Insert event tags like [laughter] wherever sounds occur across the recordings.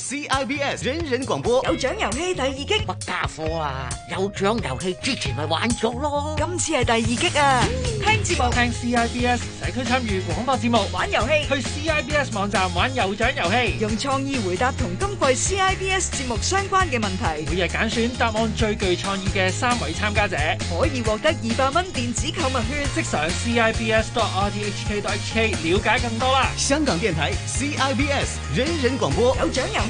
CIBS 人人廣播有獎遊戲第二擊，乜家伙啊？有獎遊戲之前咪玩咗咯，今次係第二擊啊！聽節目，聽 CIBS 社區參與廣播節目，玩遊戲去 CIBS 網站玩有獎遊戲，用創意回答同今季 CIBS 節目相關嘅問題，每日揀選答案最具創意嘅三位參加者，可以獲得二百蚊電子購物券，即上 CIBS dot rthk dot hk 了解更多啦！香港電台 CIBS 人人廣播有獎遊。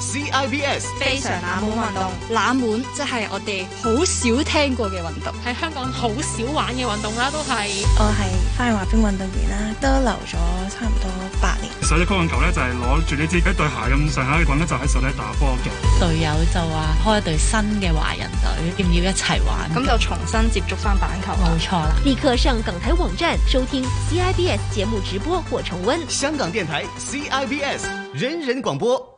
CIBS 非常冷門運動，冷門即係我哋好少聽過嘅運動，喺香港好少玩嘅運動啦。都係我係翻去滑冰運動員啦，都留咗差唔多八年。一波運球咧就係攞住你支一對鞋咁上下嘅棍咧就喺手底打波嘅。隊友就話開一隊新嘅華人隊，要唔要一齊玩？咁就重新接觸翻板球。冇錯啦，立刻上港台網站收聽 CIBS 節目直播或重溫。香港電台 CIBS 人人廣播。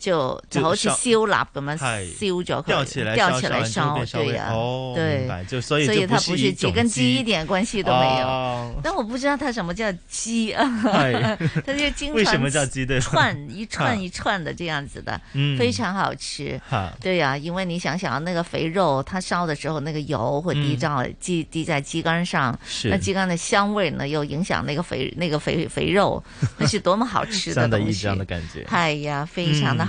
就就好似燒臘咁樣燒咗佢，吊起來燒。對呀，哦，對，所以它不是雞，跟雞一點關係都沒有，但我不知道它什麼叫雞，它就經常串一串一串的這樣子的，非常好吃。對呀，因為你想想那個肥肉，它燒的時候那個油會滴到雞，滴在雞肝上，那雞肝的香味呢又影響那個肥那個肥肥肉，那是多麼好吃的東西。樣的感覺，哎呀，非常的。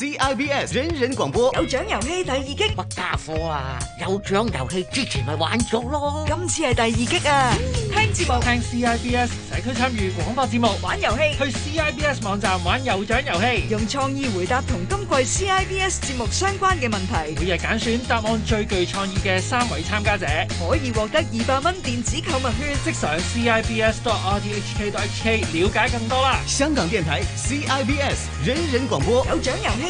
CIBS 人人廣播有獎遊戲第二擊，乜家伙啊？有獎遊戲之前咪玩咗咯，今次係第二擊啊！聽節目，聽 CIBS 社區參與廣播節目，玩遊戲去 CIBS 網站玩有獎遊戲，用創意回答同今季 CIBS 節目相關嘅問題，每日揀選答案最具創意嘅三位參加者，可以獲得二百蚊電子購物券，即上 CIBS dot RTHK dot HK 了解更多啦！香港電台 CIBS 人人廣播有獎遊戲。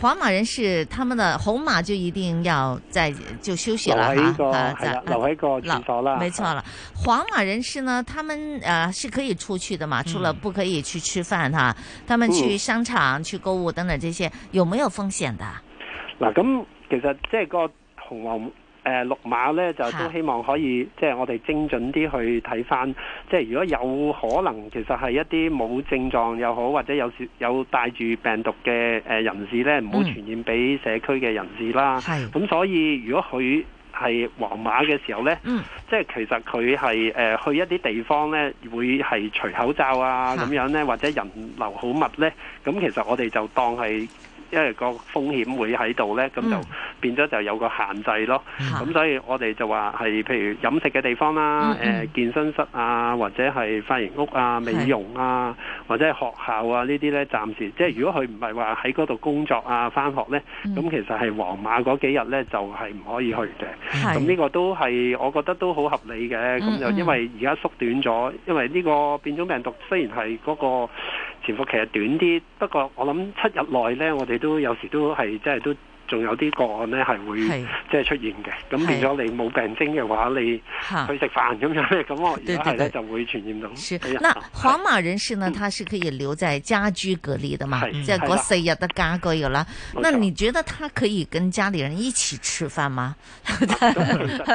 黃碼人士，他們的紅碼就一定要在就休息了哈，留喺個係啦，啊、的留喺個場所了沒錯了、啊、黃碼人士呢，他們誒、啊、是可以出去的嘛，除了、嗯、不可以去吃飯哈，他們去商場、嗯、去購物等等這些，有沒有風險的？那咁其實即係個紅黃。誒綠碼呢，就都希望可以，即係我哋精準啲去睇翻，即係如果有可能，其實係一啲冇症狀又好，或者有有帶住病毒嘅誒人士呢，唔好傳染俾社區嘅人士啦。咁、mm. 所以如果佢係黃碼嘅時候呢，mm. 即係其實佢係誒去一啲地方呢，會係除口罩啊咁樣呢，mm. 或者人流好密呢。咁其實我哋就當係。因為個風險會喺度呢，咁就變咗就有個限制咯。咁、嗯、所以我哋就話係譬如飲食嘅地方啦、啊、誒、嗯呃、健身室啊、或者係髮型屋啊、美容啊，是或者係學校啊呢啲呢，暫時即係如果佢唔係話喺嗰度工作啊、返學呢，咁、嗯、其實係黃碼嗰幾日呢，就係、是、唔可以去嘅。咁呢是個都係我覺得都好合理嘅。咁、嗯、就因為而家縮短咗，因為呢個變種病毒雖然係嗰、那個。潛伏期其實短啲，不過我諗七日內咧，我哋都有時都係即係都。仲有啲個案咧，係會即係出現嘅。咁變咗你冇病徵嘅話，你去食飯咁樣咧，咁我而家係咧就會傳染到。那黃碼人士呢，他是可以留在家居隔離的嘛？即係嗰四日得家嗰度啦。那你覺得他可以跟家裡人一起吃飯嗎？就即係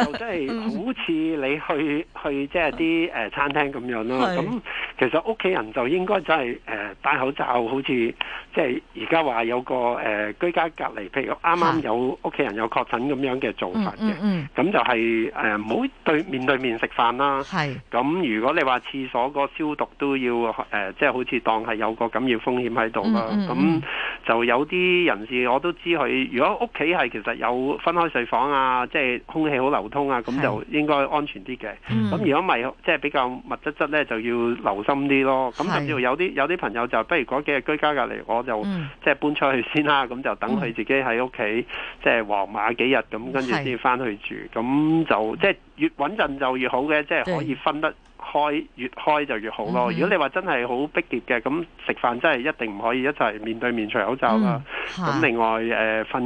好似你去去即係啲誒餐廳咁樣咯。咁其實屋企人就應該就係誒戴口罩，好似。即係而家話有個誒、呃、居家隔離，譬如啱啱有屋企人有確診咁樣嘅做法嘅，咁、嗯嗯嗯、就係唔好對面對面食飯啦。咁是如果你話廁所個消毒都要、呃、即係好似當係有個感染風險喺度啦。咁、嗯嗯嗯、就有啲人士我都知佢，如果屋企係其實有分開睡房啊，即、就、係、是、空氣好流通啊，咁就應該安全啲嘅。咁是如果咪即係比較密質質咧，就要留心啲咯。咁甚至有啲是有啲朋友就不如嗰幾日居家隔離我。就即係搬出去先啦，咁、嗯、就等佢自己喺屋企，即係黃碼幾日，咁跟住先翻去住，咁是就即係、就是、越穩陣就越好嘅，即、就、係、是、可以分得。開越開就越好咯。如果你話真係好逼嘅，咁、嗯、食飯真係一定唔可以一齊面對面除口罩啦。咁、嗯、另外誒，瞓、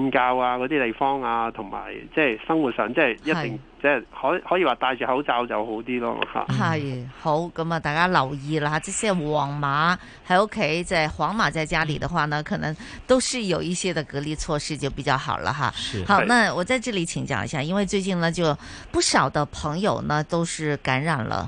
呃、覺啊嗰啲地方啊，同埋即係生活上即係一定是即係可可以話戴住口罩就好啲咯。係是好咁啊，那大家留意啦。即係皇馬喺屋企，即係在皇馬在家裏的話呢，可能都是有一些的隔離措施就比較好了吓，好，那我在這裏請教一下，因為最近呢就不少的朋友呢都是感染了。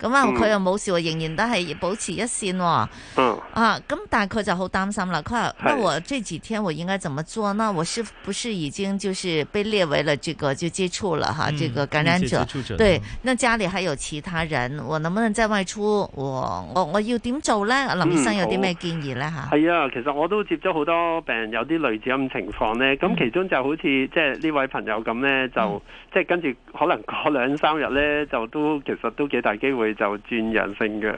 咁啊，佢又冇事，仍然都係保持一線，哦。嗯。啊，咁但係佢就好擔心啦。佢話：「我這幾天我應該怎麼做呢？是我是不是已經就是被列為了這個就接觸了哈，嗯、這個感染者。接觸者。對，嗯、那家裏還有其他人，我能不能再外出？我我，我要點做呢？林醫生有啲咩建議呢？吓、嗯，係啊，其實我都接觸好多病人，有啲類似咁情況呢。咁其中就好似即係呢位朋友咁呢，就、嗯、即係跟住可能過兩三日呢，就都其實都幾大機會。就轉陽性嘅，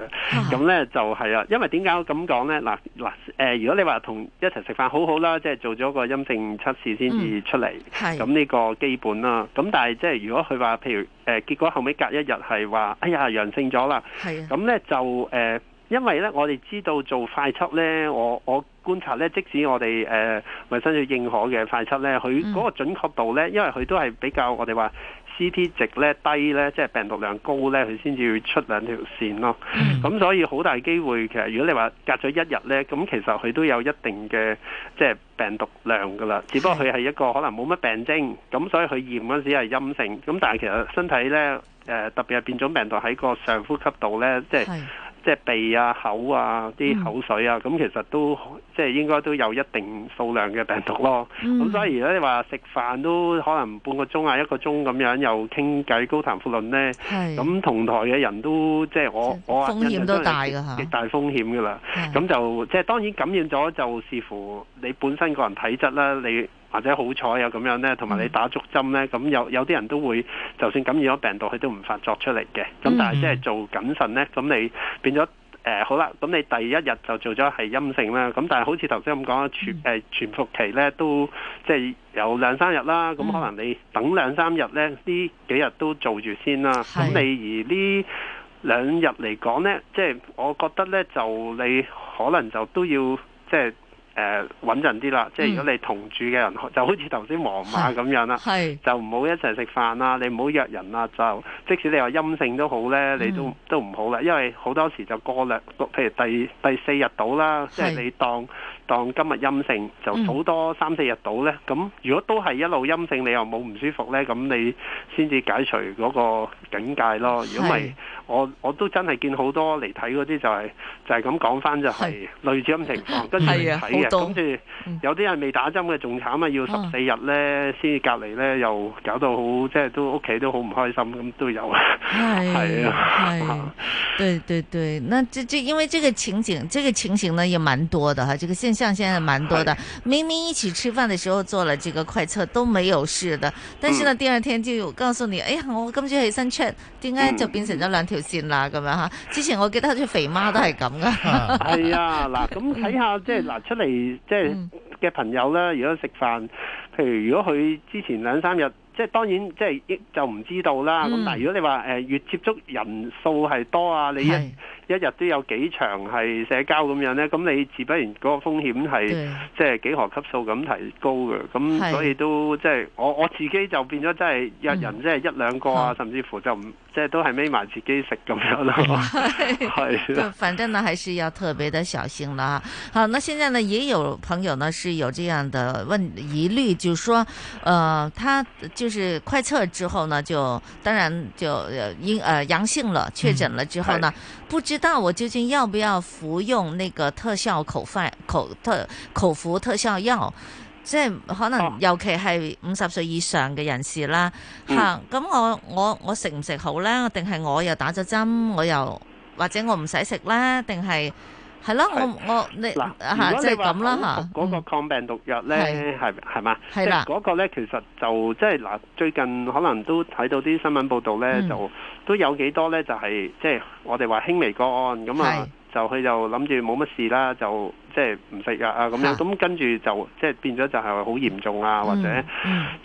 咁呢、啊、就係、是、啊，因為點解咁講呢？嗱嗱誒，如果你話同一齊食飯很好好啦，即、就、係、是、做咗個陰性測試先至出嚟，咁呢、嗯、個基本啦。咁但係即係如果佢話譬如誒，結果後尾隔一日係話，哎呀陽性咗啦，咁呢是、啊、就誒，因為呢，我哋知道做快測呢，我我觀察呢，即使我哋誒衞生署認可嘅快測呢，佢嗰個準確度呢，因為佢都係比較我哋話。C T 值咧低咧，即係病毒量高咧，佢先至會出兩條線咯。咁，嗯，所以好大機會，其實如果你話隔咗一日咧，咁其實佢都有一定嘅即係病毒量噶啦。只不過佢係一個可能冇乜病徵，咁所以佢驗嗰陣時係陰性。咁但係其實身體咧，誒特別係變種病毒喺個上呼吸道咧，即係。即係鼻啊、口啊、啲口水啊，咁其實都即係應該都有一定數量嘅病毒咯。咁所以如果你話食飯都可能半個鐘啊、一個鐘咁樣又傾偈高談闊論呢，咁同台嘅人都即係我我風險都大㗎吓，極大風險㗎啦。咁就即係當然感染咗就視乎你本身個人體質啦，你。或者好彩有咁樣呢，同埋你打足針呢，咁、嗯、有有啲人都會，就算感染咗病毒佢都唔發作出嚟嘅。咁但係即係做謹慎呢，咁你變咗誒、呃、好啦，咁你第一日就做咗係陰性啦。咁但係好似頭先咁講，潛誒潛伏、嗯、期呢都即係、就是、有兩三日啦。咁可能你等兩三日呢，呢幾日都做住先啦。咁你的而呢兩日嚟講呢，即、就、係、是、我覺得呢，就你可能就都要即係。就是誒，穩陣啲啦，即係如果你同住嘅人，嗯、就好似頭先黃碼咁樣啦，就唔好一齊食飯啊，你唔好約人啊，就即使你話陰性都好呢，你都、嗯、都唔好啦，因為好多時就過量，譬如第第四日到啦，即係是你當。當今日陰性就好多三四日到呢。咁、嗯、如果都係一路陰性，你又冇唔舒服呢？咁你先至解除嗰個警戒咯。如果唔係，是我我都真係見好多嚟睇嗰啲就係、是、就係咁講翻就係類似咁情況，是跟住睇嘅。咁即、嗯、有啲人未打針嘅仲慘啊，要十四日呢先至、嗯、隔離呢，又搞到好即係都屋企都好唔開心咁都有。係是 [laughs] 啊，係啊，對對對，那這這因為這個情景，這個情形呢也蠻多的哈，這個像現在蠻多的，是明明一起吃飯的時候做了這個快測都沒有事的，但是呢，嗯、第二天就有告訴你，哎呀，我今朝起身 check，點解就變成咗兩條線啦？咁樣吓，之前我記得好似肥媽都係咁噶。係啊，嗱， [laughs] 咁睇下、嗯、即係嗱出嚟即係嘅、嗯、朋友啦，如果食飯，譬如如果佢之前兩三日，即係當然即係就唔知道啦。咁、嗯、但如果你話誒、呃、越接觸人數係多啊，你一。一日都有幾場係社交咁樣咧，咁你自不然嗰個風險係對即係幾何級數咁提高嘅，咁所以都是即係我我自己就變咗即係一人即係一兩個啊，嗯、甚至乎就唔好即係都係孭埋自己食咁樣咯。係、嗯， [laughs] 是反正呢， [laughs] 還是要特別的小心啦。好，那現在呢，也有朋友呢是有這樣的問疑慮，就是說，呃，他就是快測之後呢，就當然就陰呃陽性了，確診了之後呢，不知、嗯。但我究竟要不要服用那個特效口塊口特口服特效藥？即係可能尤其係五十歲以上嘅人士啦吓。咁、嗯啊、我我我食唔食好咧？定係我又打咗針，我又或者我唔使食咧？定係。係囉，我我的你嗱嚇，即係咁啦嚇。嗰個抗病毒藥咧，係係嘛？係啦，嗰吧的個咧其實就即係嗱，最近可能都睇到啲新聞報道咧，嗯、就都有幾多咧，就係即係我哋話輕微個案咁啊的，就佢就諗住冇乜事啦，就。即係唔食藥啊咁樣，咁跟住就即係變咗就係好嚴重啊，或者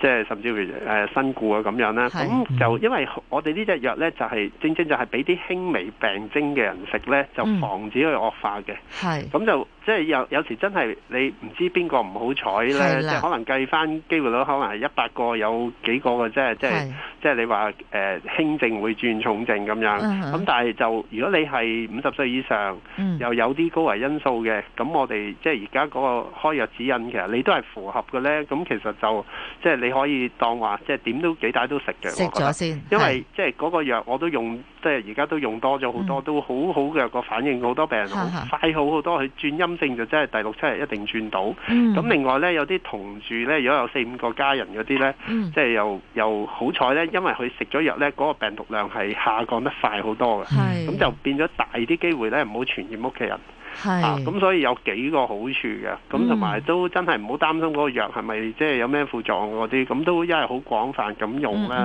即係甚至乎誒身故啊咁樣咧。咁就因為我哋呢隻藥咧，就係正正就係俾啲輕微病徵嘅人食咧，就防止佢惡化嘅。係咁就即係有有時真係你唔知邊個唔好彩咧，即係可能計返機會率，可能係一百個有幾個嘅，即係即係即係你話誒輕症會轉重症咁樣。咁但係就如果你係五十歲以上，又有啲高危因素嘅咁。我哋即係而家嗰個開藥指引其實，你都係符合嘅呢。咁其實就即係你可以當話，即係點都幾大都食嘅。食咗先，因為即係嗰個藥我都用，即係而家都用多咗好多，嗯、都好好嘅個反應，好多病人好快好快，好好多佢轉陰性，就真係第六七日一定轉到。咁、嗯、另外呢，有啲同住呢，如果有四五個家人嗰啲呢，即係、嗯、又又好彩呢，因為佢食咗藥呢，嗰、嗰個病毒量係下降得快好多嘅。咁是 就變咗大啲機會呢，唔好傳染屋企人。係咁是、啊、所以有幾個好處嘅。咁同埋都真係唔好擔心嗰個藥係咪即係有咩副作用嗰啲，咁都因為好廣泛咁用咧，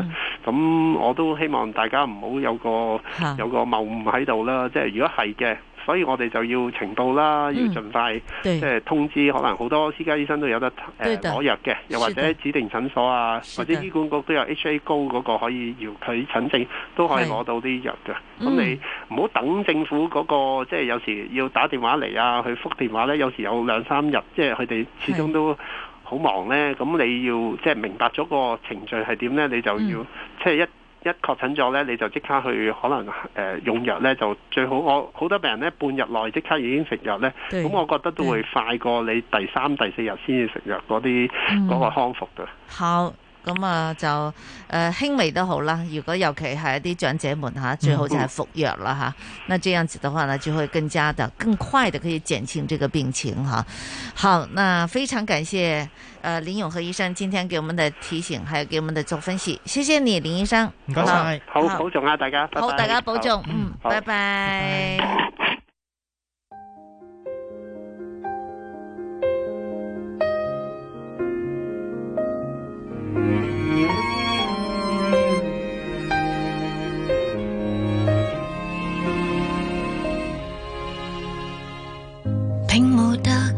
咁、嗯、我都希望大家唔好有個的有個謬誤喺度啦，即係如果係嘅。所以我哋就要呈報啦，嗯、要盡快即係通知，對可能好多私家醫生都有得攞的藥嘅，的又或者指定診所啊，的或者醫管局都有 H A 高嗰個可以要佢診症，的都可以攞到啲藥嘅。咁對你唔好等政府嗰、那個，即、就、係、是、有時要打電話嚟啊，去覆電話呢，有時有兩三日，即係佢哋始終都好忙呢。咁對你要即係明白咗個程序係點呢？你就要即係一。一確診咗呢，你就即刻去可能誒、呃、用藥呢，就最好，我好多病人呢，半日內即刻已經食藥呢，咁對我覺得都會快過你第三、對第四日先至食藥嗰啲嗰個康復嘅。好。咁啊，就誒輕、呃、微都好啦。如果尤其係一啲長者們吓，最好就係服藥啦吓。那這樣子的話呢，就會更加的、更快的可以減輕這個病情吓、啊，好，那非常感謝誒、呃、林勇和醫生今天給我們的提醒，還有給我們的做分析。謝謝你，林醫生。唔該晒，好保重啊大家。拜拜好，大家保重，嗯，好拜拜。拜拜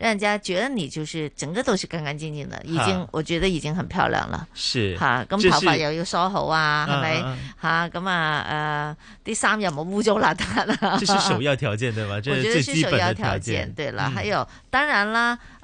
讓人家覺得你就是整個都是乾乾淨淨的，已經哈我覺得已經很漂亮了。是哈，咁頭髮又要梳好啊，係咪？哈，咁啊，呃，啲衫又冇污糟邋遢啦。有有 [laughs] 這是首要條件對嗎？這是最基本的條件，條件對了。嗯、還有，當然啦。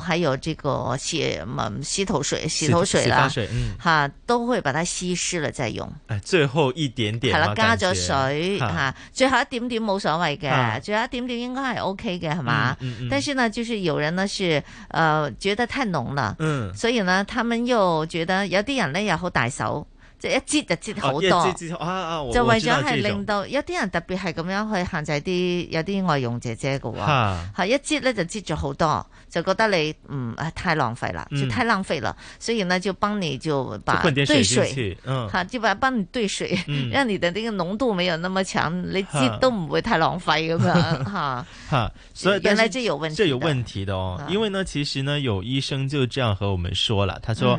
還有這個洗麼、嗯、洗頭水、洗頭水啦，哈、嗯啊，都會把它稀釋了再用、哎。最後一點點，加咗水覺、啊、最後一點點冇所謂嘅，啊、最後一點點應該係 OK 嘅，係嘛、啊？點點 OK、但是呢，就是有人呢是呃覺得太濃啦，嗯，所以呢，他們又覺得有啲人呢，又好大手。即係一擠就擠好多，就為咗係令到有啲人特別係咁樣去限制啲有啲外傭姐姐嘅話，一擠咧就擠咗好多，就覺得你唔太浪費啦，太浪費啦，所以呢就幫你就把兌水，吓幫你兌水，讓你嘅呢個濃度沒有那麼強，你擠都唔會太浪費咁樣吓。吓，所以原來就有問題，有問題的哦。因為呢，其實呢有醫生就這樣和我們說了，他說。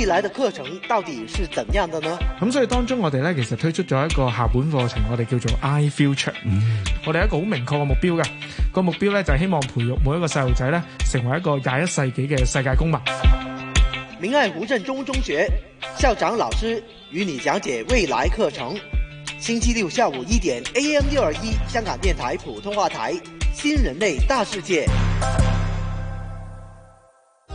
未來的課程到底是怎樣的呢？咁所以當中我哋咧，其實推出咗一個校本課程，我哋叫做 I Future。Mm hmm. 我哋一個好明確嘅目標嘅，這個目標咧就係，希望培育每一個細路仔咧成為一個廿一世紀嘅世界公民。明愛胡振中中學校長老師與你講解未來課程，星期六下午一點 A M 六二一香港電台普通話台新人類大世界。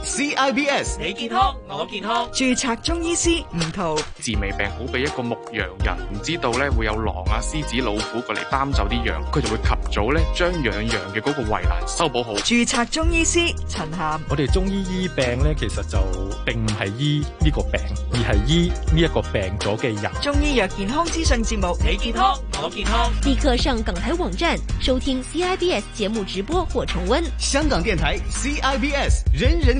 CIBS 你健康我健康，註冊中醫師吳濤，治未病好比一個牧羊人，唔知道咧會有狼啊、獅子、老虎過嚟擔走啲羊，佢就會及早咧將養羊嘅嗰個圍欄修補好。註冊中醫師陳涵，我哋中醫醫病咧，其實就並唔係醫呢個病，而係醫呢一個病咗嘅人。中醫藥健康資訊節目你健康我健康，立刻上港台網站收聽 CIBS 節目直播或重溫。香港電台 CIBS 人人。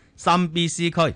三 B C 區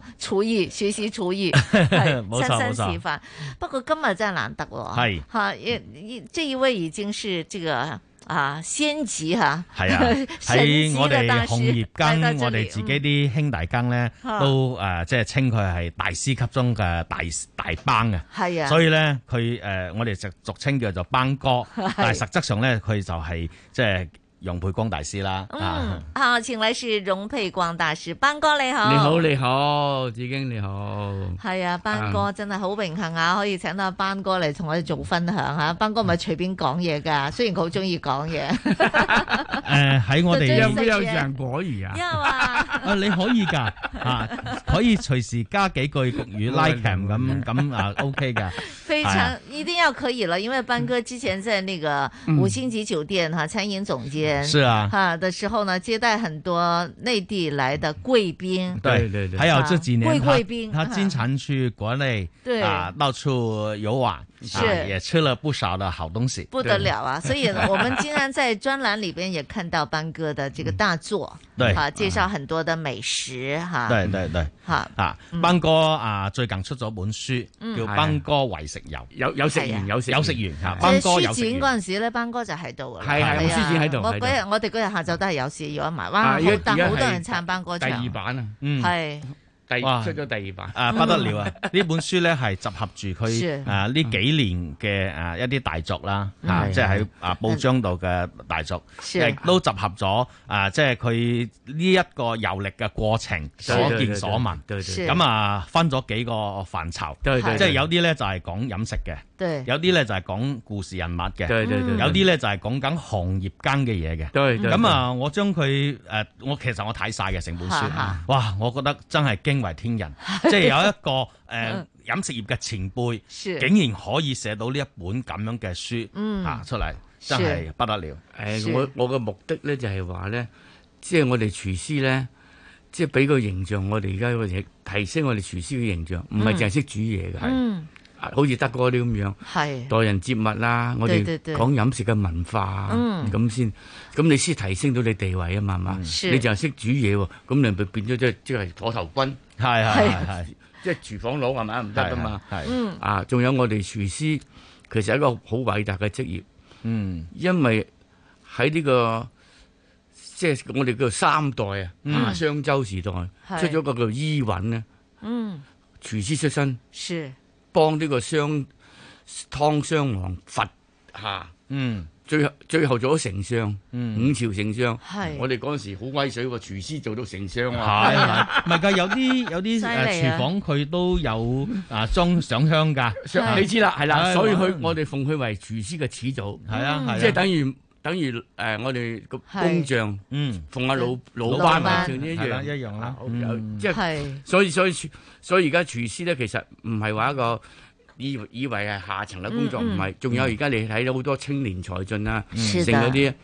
廚藝學習廚藝，親身示範。三三 [laughs] 不過今日真係難得喎，係吓一一，這一位已經是這個啊仙子吓，係啊喺我哋行業間，我哋自己啲兄弟間咧，嗯、都誒、呃、即係稱佢係大師級中嘅大大班嘅係啊。所以咧，佢誒、呃、我哋就俗稱叫做班哥，是啊、但係實質上咧，佢就係、是、即係。容佩光大師啦，嗯，啊，好，請來是容佩光大師，班哥你好，你好你好，子敬你好，係啊，班哥真係好榮幸啊，可以請到阿班哥嚟同我哋做分享吓，班哥唔係隨便講嘢噶，雖然佢好中意講嘢，誒，喺我哋，最靚嘅楊果魚啊，啊，你可以噶，啊，可以隨時加幾句國語拉 cam 咁咁啊，ok 噶，非常一定要可以啦，因為班哥之前在那個五星級酒店吓，餐飲總監。是啊，哈的時候呢，接待很多內地來的貴賓，對對對，還有這幾年貴賓，他經常去國內，對啊，到處遊玩，是也吃了不少的好東西，不得了啊！所以我們經常在專欄裏邊也看到班哥的這個大作，對啊，介紹很多的美食哈，對對對，哈啊，班哥啊最近出咗本書，叫《班哥為食遊》，有有食完有有食完哈，班哥有食完嗰陣時咧，班哥就喺度啊，係係書展喺度。日我哋嗰日下晝都係有事要一埋，哇！但好多人撐班歌第二版啊，係，出咗第二版啊，不得了啊！呢本書咧係集合住佢啊呢幾年嘅啊一啲大作啦，嚇，即係喺啊報章度嘅大作，亦都集合咗啊即係佢呢一個遊歷嘅過程，所見所聞。對對，咁啊分咗幾個範疇，即係有啲咧就係講飲食嘅。對有啲咧就係、是、講故事人物嘅，對對對對有啲咧就係、是、講緊行業間嘅嘢嘅。咁啊，我將佢誒、呃，我其實我睇晒嘅成本書，是是哇！我覺得真係驚為天人，是是即係有一個誒、呃、飲食業嘅前輩，是 竟然可以寫到呢一本咁樣嘅書嚇是、啊、出嚟，真係不得了。誒是、呃，我我嘅目的咧就係話咧，即、就、係、是、我哋廚師咧，即係俾個形象，我哋而家個嘢，提升我哋廚師嘅形象，唔係淨係識煮嘢嘅。嗯。好似德哥啲咁樣，待人接物啦，我哋講飲食嘅文化，咁先咁你先提升到你地位啊嘛，係嘛？你淨係識煮嘢喎，咁你咪變咗即係即係火頭軍，係係係，即係廚房佬係咪？唔得㗎嘛，啊，仲有我哋廚師其實係一個好偉大嘅職業，因為喺呢個即係我哋叫做三代啊，商周時代出咗個叫伊尹咧，廚師出身。幫呢個商湯商王伐夏，嗯，最後最後做咗丞相，嗯，五朝丞相，係我哋嗰時好鬼威水喎，廚師做到丞相啊，係咪？唔係噶，有啲有啲廚房佢都有啊，裝上香噶，你知啦，係啦，所以佢我哋奉佢為廚師嘅始祖，係啊，即係等於。等於誒我哋個工匠，奉阿老老班，係啦一樣啦，即係所以所以所以而家廚師咧，其實唔係話一個以以為係下層嘅工作，唔係。仲有而家你睇到好多青年才俊啊，剩嗰啲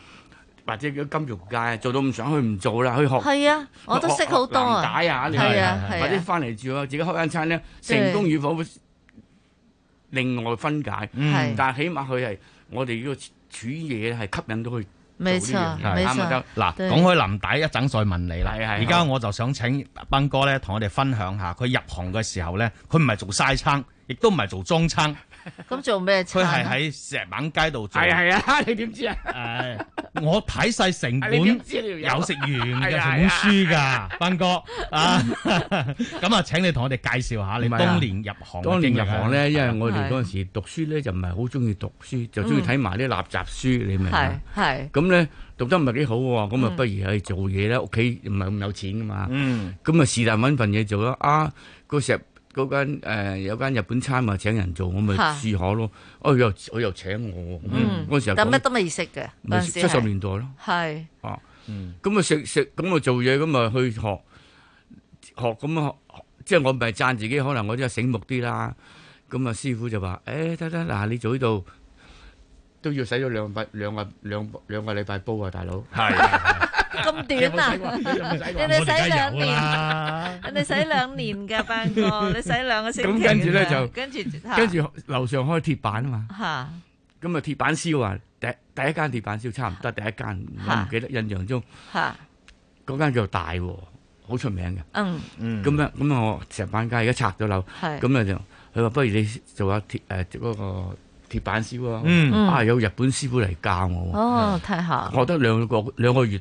或者叫金融界做到唔上去唔做啦，去學係啊，我都識好多啊，解啊，或者翻嚟住啊，自己開間餐咧，成功與否會另外分解，但係起碼佢係。我哋呢個煮嘢係吸引到佢，沒錯錯，啱唔啱？嗱嗎，講開對林底一陣再問你啦。而家我就想請斌哥咧，同我哋分享下佢入行嘅時候咧，佢唔係做西餐，亦都唔係做中餐。咁 [laughs] 做咩？佢係喺石板街度做。係係、哎、啊，你點知啊？我睇晒成本，有食完嘅、哎、呀書噶，斌哥啊。咁啊，請你同我哋介紹下你當年入行、啊。當年入行咧，因為我哋嗰陣時讀書咧就唔係好中意讀書，是就中意睇埋啲垃圾書，你明係係。咁咧讀得唔係幾好喎，咁啊不如去做嘢啦。屋企唔係咁有錢噶嘛。嗯。咁啊是但搵份嘢做啦。啊，個石。嗰間有間日本餐嘛請人做我咪試下咯，哦又我又請我，嗰時候咁乜都未識嘅，七十年代咯，哦，咁啊食食咁啊做嘢咁啊去學學咁啊，即係我咪讚自己可能我真係醒目啲啦，咁啊師傅就話：，誒得得嗱你做呢度都要使咗兩百兩個兩兩個禮拜煲啊，大佬。咁短啊！你哋使兩年，你哋使兩年嘅班哥，你使兩個星期。咁跟住咧就，跟住跟住樓上開鐵板啊嘛。嚇！咁啊鐵板燒啊，第第一間鐵板燒差唔多，第一間我唔記得印象中嚇，嗰間叫做大和，好出名嘅。嗯嗯。咁啊咁啊，我石板街而家拆咗樓，咁啊就佢話不如你做下鐵誒嗰個鐵板燒啊。嗯啊有日本師傅嚟教我。哦，睇下。我得兩個兩個月。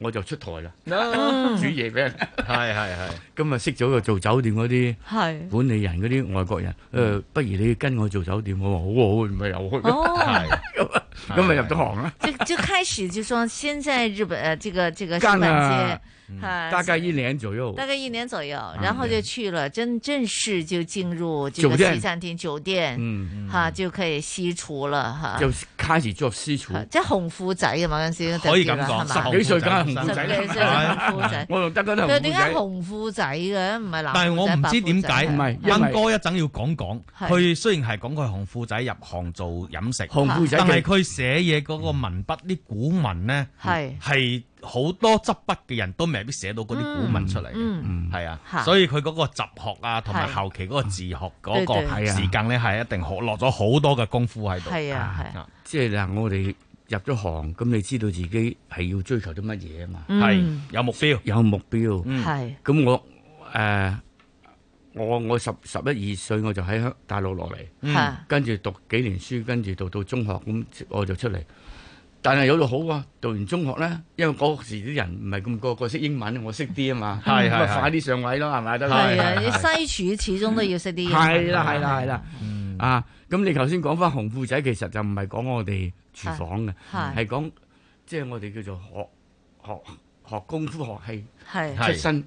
我就出台啦，煮嘢俾人。係係係。咁啊識咗個做酒店嗰啲管理人嗰啲外國人，誒，不如你跟我做酒店。我話好啊，我唔係又去。哦，咁咪入咗行啦。即就開始，就說先在日本誒，這個這個西環大概一年左右，大概一年左右，然後就去了，正正式就進入這個西餐廳酒店，嚇就可以西廚啦，嚇就開始做西廚，即係紅褲仔嘅嘛嗰陣時可以咁講，十幾歲褲仔，我得嗰啲紅褲仔。佢點解紅褲仔嘅？唔係藍。但係我唔知點解。唔係。斌哥一陣要講講。佢雖然係講佢係紅褲仔入行做飲食，但係佢寫嘢嗰個文筆，啲古文咧，係係好多執筆嘅人都未必寫到嗰啲古文出嚟嘅。係啊，所以佢嗰個集學啊，同埋後期嗰個自學嗰個時間咧，係一定學落咗好多嘅功夫喺度。係啊，即係嗱，我哋。入咗行，咁你知道自己係要追求啲乜嘢啊嘛？係有目標，有目標。係咁、嗯嗯、我誒、呃，我我十十一二歲我就喺大陸落嚟，嗯啊、跟住讀幾年書，跟住讀到到中學咁我就出嚟。但係有度好啊，讀完中學咧，因為嗰時啲人唔係咁個個識英文，我識啲啊嘛，咁快啲上位咯，係咪得？係啊，西廚始終都要識啲。係啦，係啦，係啦。啊，咁、啊啊啊啊嗯啊、你頭先講翻紅褲仔，其實就唔係講我哋。廚房嘅係講，即係我哋叫做學學學功夫學戲出身，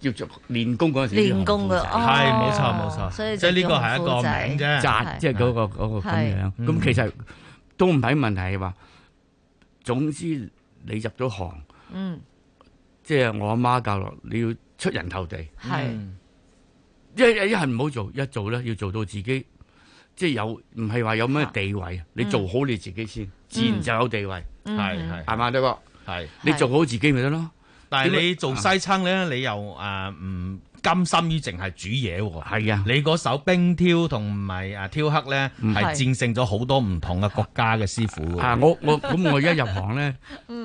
叫做練功嗰陣時要練功夫，係冇錯冇錯，所以即係呢個係一個名啫，即係嗰個嗰個咁樣。咁其實都唔係問題，話總之你入咗行，嗯，即係我阿媽教落，你要出人頭地，係一一行唔好做，一做咧要做到自己。即係有，唔係話有咩地位？你做好你自己先，自然就有地位。係係，係嘛呢個？係你做好自己咪得咯。但係你做西餐咧，你又誒唔甘心於淨係煮嘢喎。係啊，你嗰首冰挑同埋誒挑黑咧，係戰勝咗好多唔同嘅國家嘅師傅。嚇！我我咁我一入行咧，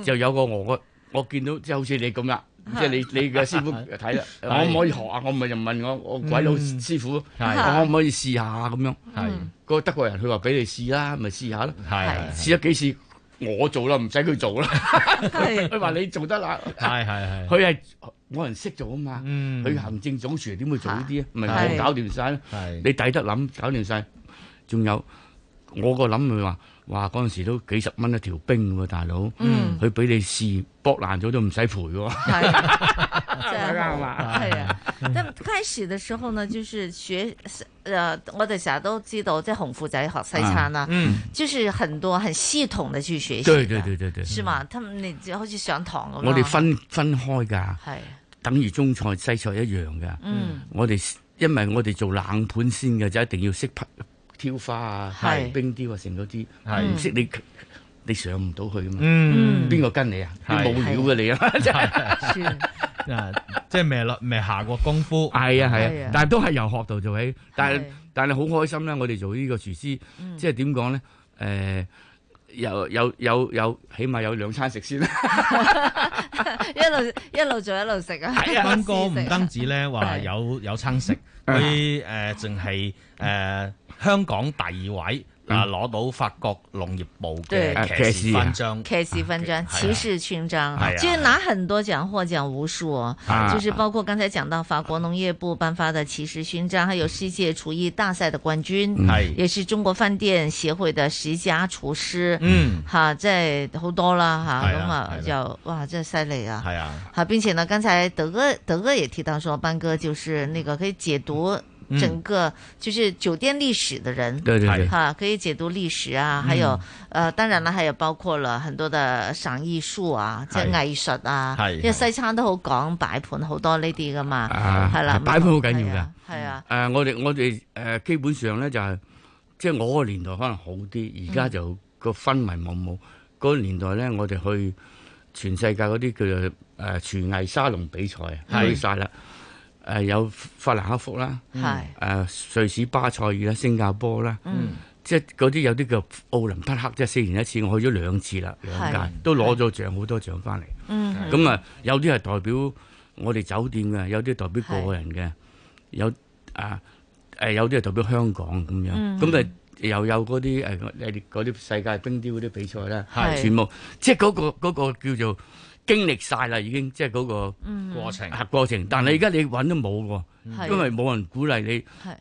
就有個我我我見到即係好似你咁㗎。即係你你嘅師傅睇啦，我可唔可以學啊？我唔係就問我我鬼佬師傅，我可唔可以試下咁樣？係個德國人，佢話俾你試啦，咪試下咯。係試咗幾次，我做啦，唔使佢做啦。係佢話你做得啦。係係係。佢係冇人識做啊嘛。嗯。佢行政總廚點會做呢啲啊？咪我搞掂曬啦。係你抵得諗搞掂曬，仲有我個諗佢話。哇！嗰陣時都幾十蚊一條冰喎、啊，大佬，佢俾、嗯、你試，搏爛咗都唔使賠喎。真係啱嘛？係啊。咁開始嘅時候呢，就是學，誒、呃，我哋成日都知道，即係紅褲仔學西餐啦、啊啊，嗯，就是很多很系統地去學，學的。對對對對對。是嘛？咁你好似上堂咁、啊。我哋分分開㗎，係、啊、等於中菜西菜一樣㗎。嗯，我哋因為我哋做冷盤先嘅，就一定要識挑花啊，係冰雕成咗啲，唔識你你上唔到去㗎嘛？邊個跟你啊？冇料嘅你啊！真係啊，即係未落未下過功夫。係啊係啊，但係都係由學徒做起。但係但係好開心咧！我哋做呢個廚師，即係點講咧？誒，有有有有，起碼有兩餐食先啦。一路一路做一路食啊！阿斌哥唔單止咧，話有有餐食，佢誒淨係誒香港第二位啊，攞到法國農業部嘅騎士勛章，騎士勛章，騎士勳章，即係拿很多獎，獲獎無數，就是包括剛才講到法國農業部頒發的騎士勳章，還有世界廚藝大賽的冠軍，係，也是中國飯店協會的十佳廚師，嗯，吓，即係好多啦吓，咁啊就哇，真係犀利啊，係啊，好，並且呢，剛才德哥德哥也提到，說班哥就是那個可以解讀。整個就是酒店歷史的人，可以解讀歷史啊，還有，呃，當然啦，還有包括了很多的賞藝術啊，即係藝術啊，因為西餐都好講擺盤，好多呢啲噶嘛，係啦，擺盤好緊要噶，係啊，誒，我哋我哋誒，基本上咧就係，即係我個年代可能好啲，而家就個氛圍幕幕，嗰個年代咧，我哋去全世界嗰啲叫做誒廚藝沙龍比賽，去晒啦。呃、有法蘭克福啦，是呃、瑞士巴塞爾啦，新加坡啦，嗯、即係嗰啲有啲叫奧林匹克，即係四年一次，我去咗兩次啦，兩屆是都攞咗獎，好多獎翻嚟。咁啊是，有啲係代表我哋酒店嘅，有啲代表個人嘅是、呃，有啊誒有啲係代表香港咁樣，咁誒、嗯、又有嗰啲誒誒嗰啲世界冰雕嗰啲比賽啦，是全部即係嗰、那個嗰、那個叫做。經歷晒啦，已經即係嗰個過程，吓過程。但係而家你搵都冇喎，因為冇人鼓勵你。係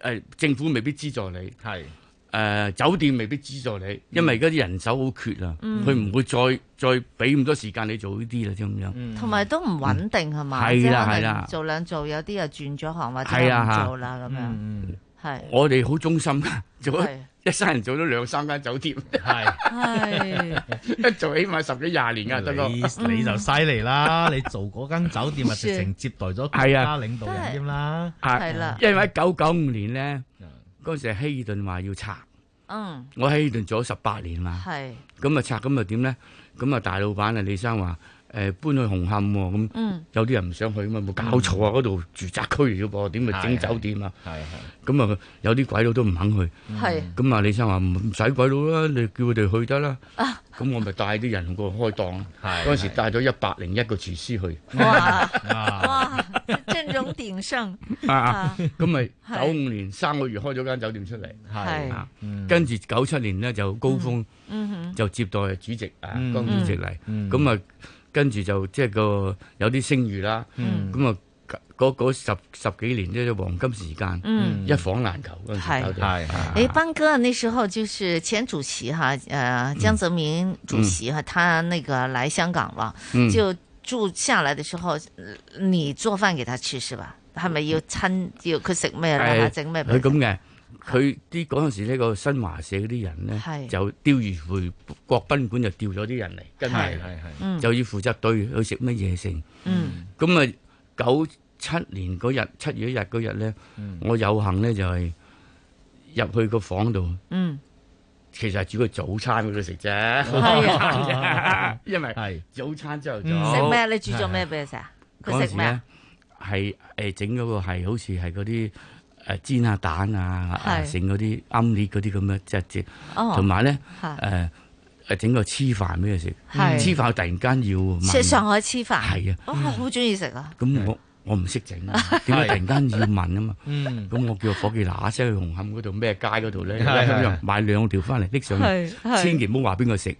誒，政府未必資助你。係誒，酒店未必資助你，因為而家啲人手好缺啦，佢唔會再再俾咁多時間你做呢啲啦，咁樣。嗯，同埋都唔穩定係嘛？係啦係啦，做兩做，有啲又轉咗行，或者唔做啦咁樣。係。我哋好忠心嘅，做一生人做咗兩三間酒店，係，一做起碼十幾廿年噶，得個你你就犀利啦！你做嗰間酒店咪直情接待咗多家領導人添啦，係啦，因為一九九五年咧，嗰陣時希爾頓話要拆，嗯，我希爾頓做咗十八年嘛，係，咁啊拆咁啊點咧？咁啊大老闆啊李生話。誒搬去紅磡喎，咁有啲人唔想去啊嘛，冇搞錯啊！嗰度住宅區嚟嘅噃，點咪整酒店啊？係係，咁啊有啲鬼佬都唔肯去。係，咁啊李生話唔使鬼佬啦，你叫佢哋去得啦。咁我咪帶啲人過開檔。係，嗰陣時帶咗一百零一個廚師去。哇！哇！蒸蒸鼎盛。咁咪九五年三個月開咗間酒店出嚟。係。跟住九七年呢，就高峰，就接待主席啊江主席嚟。咁啊！跟住就即係個有啲聲譽啦，咁啊嗰十十幾年呢，就黃金時間，一房難求嗰陣時。係係係。誒，班哥，那時候就是前主席哈，誒江澤民主席哈，他那個來香港啦，就住下來的時候，你做飯給他吃是吧？係咪要餐要佢食咩啊？整咩？係咁嘅。佢啲嗰陣時咧，個新華社嗰啲人咧，是就釣魚回國賓館就釣，就調咗啲人嚟，跟住就要負責對佢食乜嘢食。咁啊、嗯，九七年嗰日，七月一日嗰日咧，嗯、我有幸咧就係、是、入去個房度。嗯，其實係煮個早餐俾佢食啫。係啊， [laughs] 因為係早餐之後就。食咩、嗯？你煮咗咩俾佢食啊？嗰陣時咧係誒整嗰個係好似係嗰啲。誒煎下蛋啊，剩嗰啲奄列嗰啲咁嘅，即係同埋咧誒誒整個黐飯俾佢食，黐飯突然間要食上海黐飯，係啊，我好中意食啊。咁我我唔識整啊，點解突然間要問啊嘛？嗯，咁我叫個伙計嗱嗱聲去紅磡嗰度咩街嗰度咧，咁樣買兩條翻嚟，拎上去。千祈唔好話邊個食，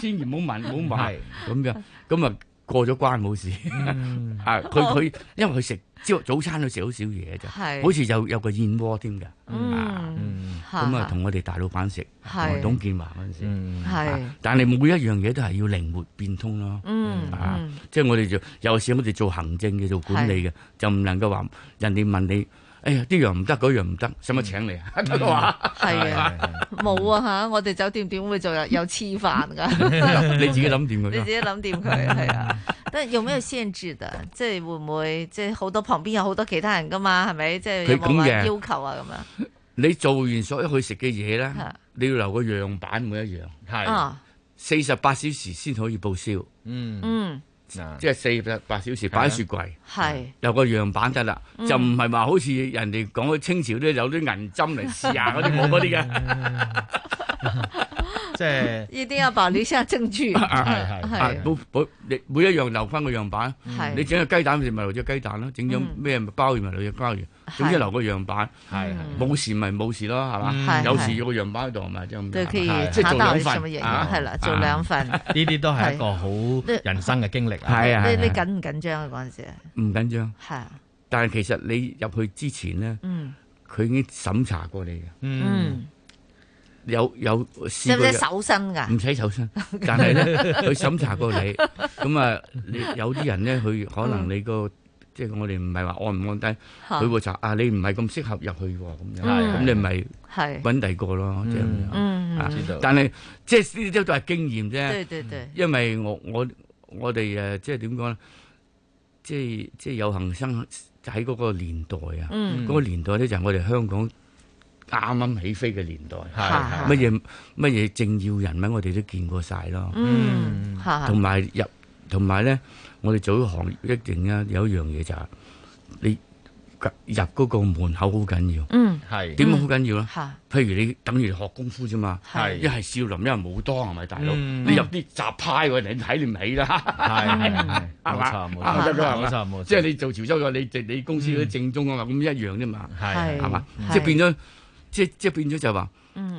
千祈唔好問，唔好問咁樣，咁啊。過咗關冇事，啊！佢佢，因為佢食朝早餐，都食好少嘢啫，好似有有個燕窩添㗎，啊！咁啊，同我哋大老闆食，同埋董建華嗰陣時，但係每一樣嘢都係要靈活變通咯，啊！即係我哋就，有時我哋做行政嘅，做管理嘅，就唔能夠話人哋問你，哎呀，啲樣唔得，嗰樣唔得，使乜使請你啊？係啊，冇啊吓，我哋酒店點會做有黐飯噶？你自己諗掂佢？你自己諗掂佢係啊？但係有咩限住？啊？即係會唔會即係好多旁邊有好多其他人噶嘛？係咪？即係有冇咩要求啊？咁樣？你做完所有去食嘅嘢咧，你要留個樣板每一樣，係啊，四十八小時先可以報銷。嗯。即係四十八小時擺喺雪櫃，啊、有個樣板得啦，嗯、就唔係話好似人哋講清朝咧，有啲銀針嚟試下嗰啲，冇乜啲嘅。即係一定要保留下證據。係係係，每每你每一樣留翻個樣板。你整隻雞蛋，咪留隻雞蛋啦；整張咩咪包完咪留隻包完。總之留個樣板，係冇事咪冇事咯，係嘛？有事要個樣板喺度係咪？即係可以，即係做兩份啊，係啦，做兩份。呢啲都係一個好人生嘅經歷啊！係啊！你你緊唔緊張啊？嗰陣時唔緊張。係啊！但係其實你入去之前咧，嗯，佢已經審查過你嘅，嗯。有有試過手生㗎，唔使手生，但係咧佢審查過你，咁啊，有啲人咧，佢可能你個、嗯、即係我哋唔係話按唔按低，佢會查啊，你唔係咁適合入去咁樣，咁、嗯、你咪揾第二個咯，即係咁樣。但係即係呢啲都係經驗啫。對對對。因為我我我哋誒即係點講咧，即係即係有幸生喺嗰個年代啊，嗰、嗯、個年代咧就係我哋香港。啱啱起飛嘅年代，乜嘢乜嘢政要人物我哋都見過晒咯，嗯，同埋入同埋咧，我哋做一行一定啊有一樣嘢就係你入嗰個門口好緊要，嗯，係點解好緊要咧？譬如你等於學功夫啫嘛，係一係少林，一係武當，係咪大佬？你入啲雜派，你睇你唔起啦，係係係冇錯冇錯，一個係冇錯冇錯，即係你做潮州嘅你你公司嗰啲正宗啊嘛，咁一樣啫嘛，係係嘛，即係變咗。即即變咗就話，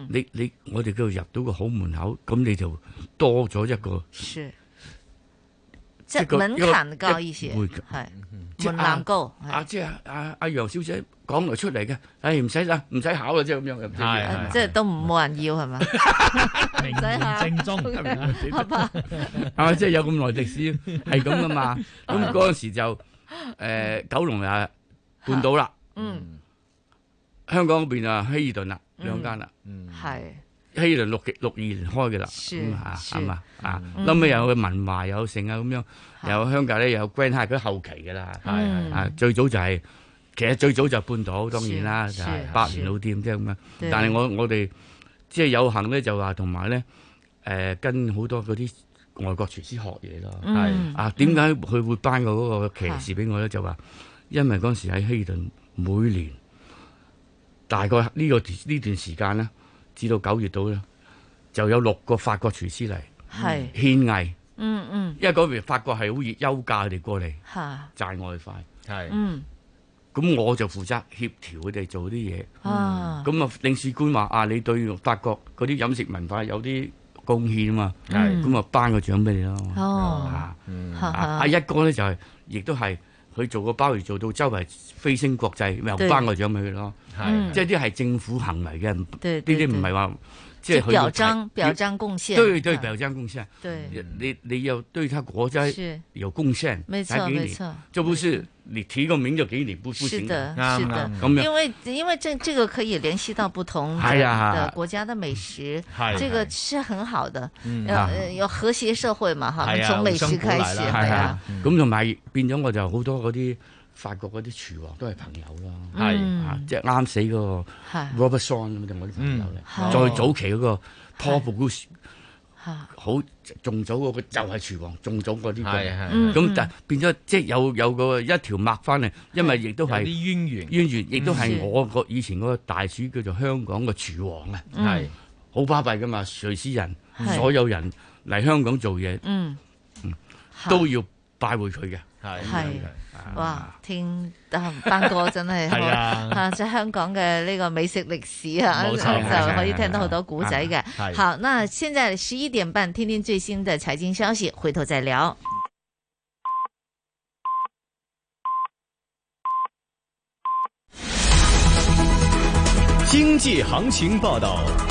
你你我哋佢入到個好門口，咁你就多咗一個，即門檻高意思係，門檻高。阿即阿阿楊小姐講嚟，出嚟嘅，唉唔使啦，唔使考啦，即咁樣又唔使。即都唔冇人要係嘛？唔使考正宗係嘛？係嘛？即有咁耐歷史係咁噶嘛？咁嗰陣時就誒九龍呀半島啦。嗯。香港嗰邊啊，希爾頓啦，兩間啦，係希爾頓六六二年開嘅啦，咁啊，啱啊，啊，後尾有個文華有成啊咁樣，有香格咧有 Grand，佢後期嘅啦，係啊，最早就係其實最早就半島當然啦，百年老店即係咁樣，但係我我哋即係有幸咧就話同埋咧誒跟好多嗰啲外國廚師學嘢咯，係啊點解佢會頒個嗰個騎士俾我咧？就話因為嗰時喺希爾頓每年。大概呢個呢段時間咧，至到九月度咧，就有六個法國廚師嚟獻藝。嗯嗯。因為嗰邊法國係好熱休假，佢哋過嚟賺外快。係。嗯。咁我就負責協調佢哋做啲嘢。啊。咁啊，領事官話：啊，你對法國嗰啲飲食文化有啲貢獻啊嘛，係。咁啊，頒個獎俾你咯。哦。啊啊一哥咧就係，亦都係。佢做個鮑魚，而做到周圍飛升國際，咪對又翻過咗俾去咯。係，即係啲係政府行為嘅，呢啲唔係話。表彰表彰貢獻，對對，表彰貢獻。對，你你要對他國家有貢獻，獎俾你，這不是你提個名就俾你，不行。是的，是的，因為因為這這個可以聯繫到不同國家的美食，係，這個是很好的，要要和諧社會嘛，哈，從美食開始。係啊，咁同埋變咗我就好多嗰啲。法國嗰啲廚王都係朋友咯，係即係啱死嗰個 Robinson 咁啊！我啲朋友咧，再早期嗰個 Topolus 好仲早嗰個就係廚王，仲早嗰啲咁，但係變咗即係有有個一條抹翻嚟，因為亦都係啲淵源，淵源亦都係我以前個大廚叫做香港嘅廚王啊，係好巴閉噶嘛，瑞士人所有人嚟香港做嘢，嗯，都要。拜會佢嘅，係哇！聽班哥真係，好、 [laughs] 啊，即香港嘅呢個美食歷史啊，錯就可以聽到好多古仔嘅。啊啊、好，那現在十一點半，聽聽最新的財經消息，回頭再聊。經濟行情報道。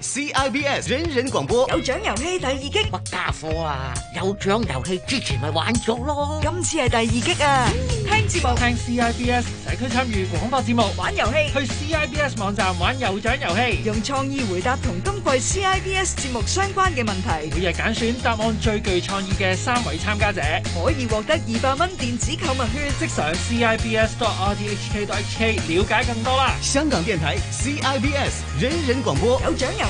CIBS 人人廣播有獎遊戲第二擊，乜家伙啊！有獎遊戲之前咪玩咗咯，今次係第二擊啊！聽節目，聽 CIBS 社區參與廣播節目，玩遊戲去 CIBS 網站玩有獎遊戲，用創意回答同今季 CIBS 節目相關嘅問題，每日揀選答案最具創意嘅三位參加者，可以獲得二百蚊電子購物券，即上 CIBS dot RTHK dot HK 了解更多啦！香港電台 CIBS 人人廣播有獎遊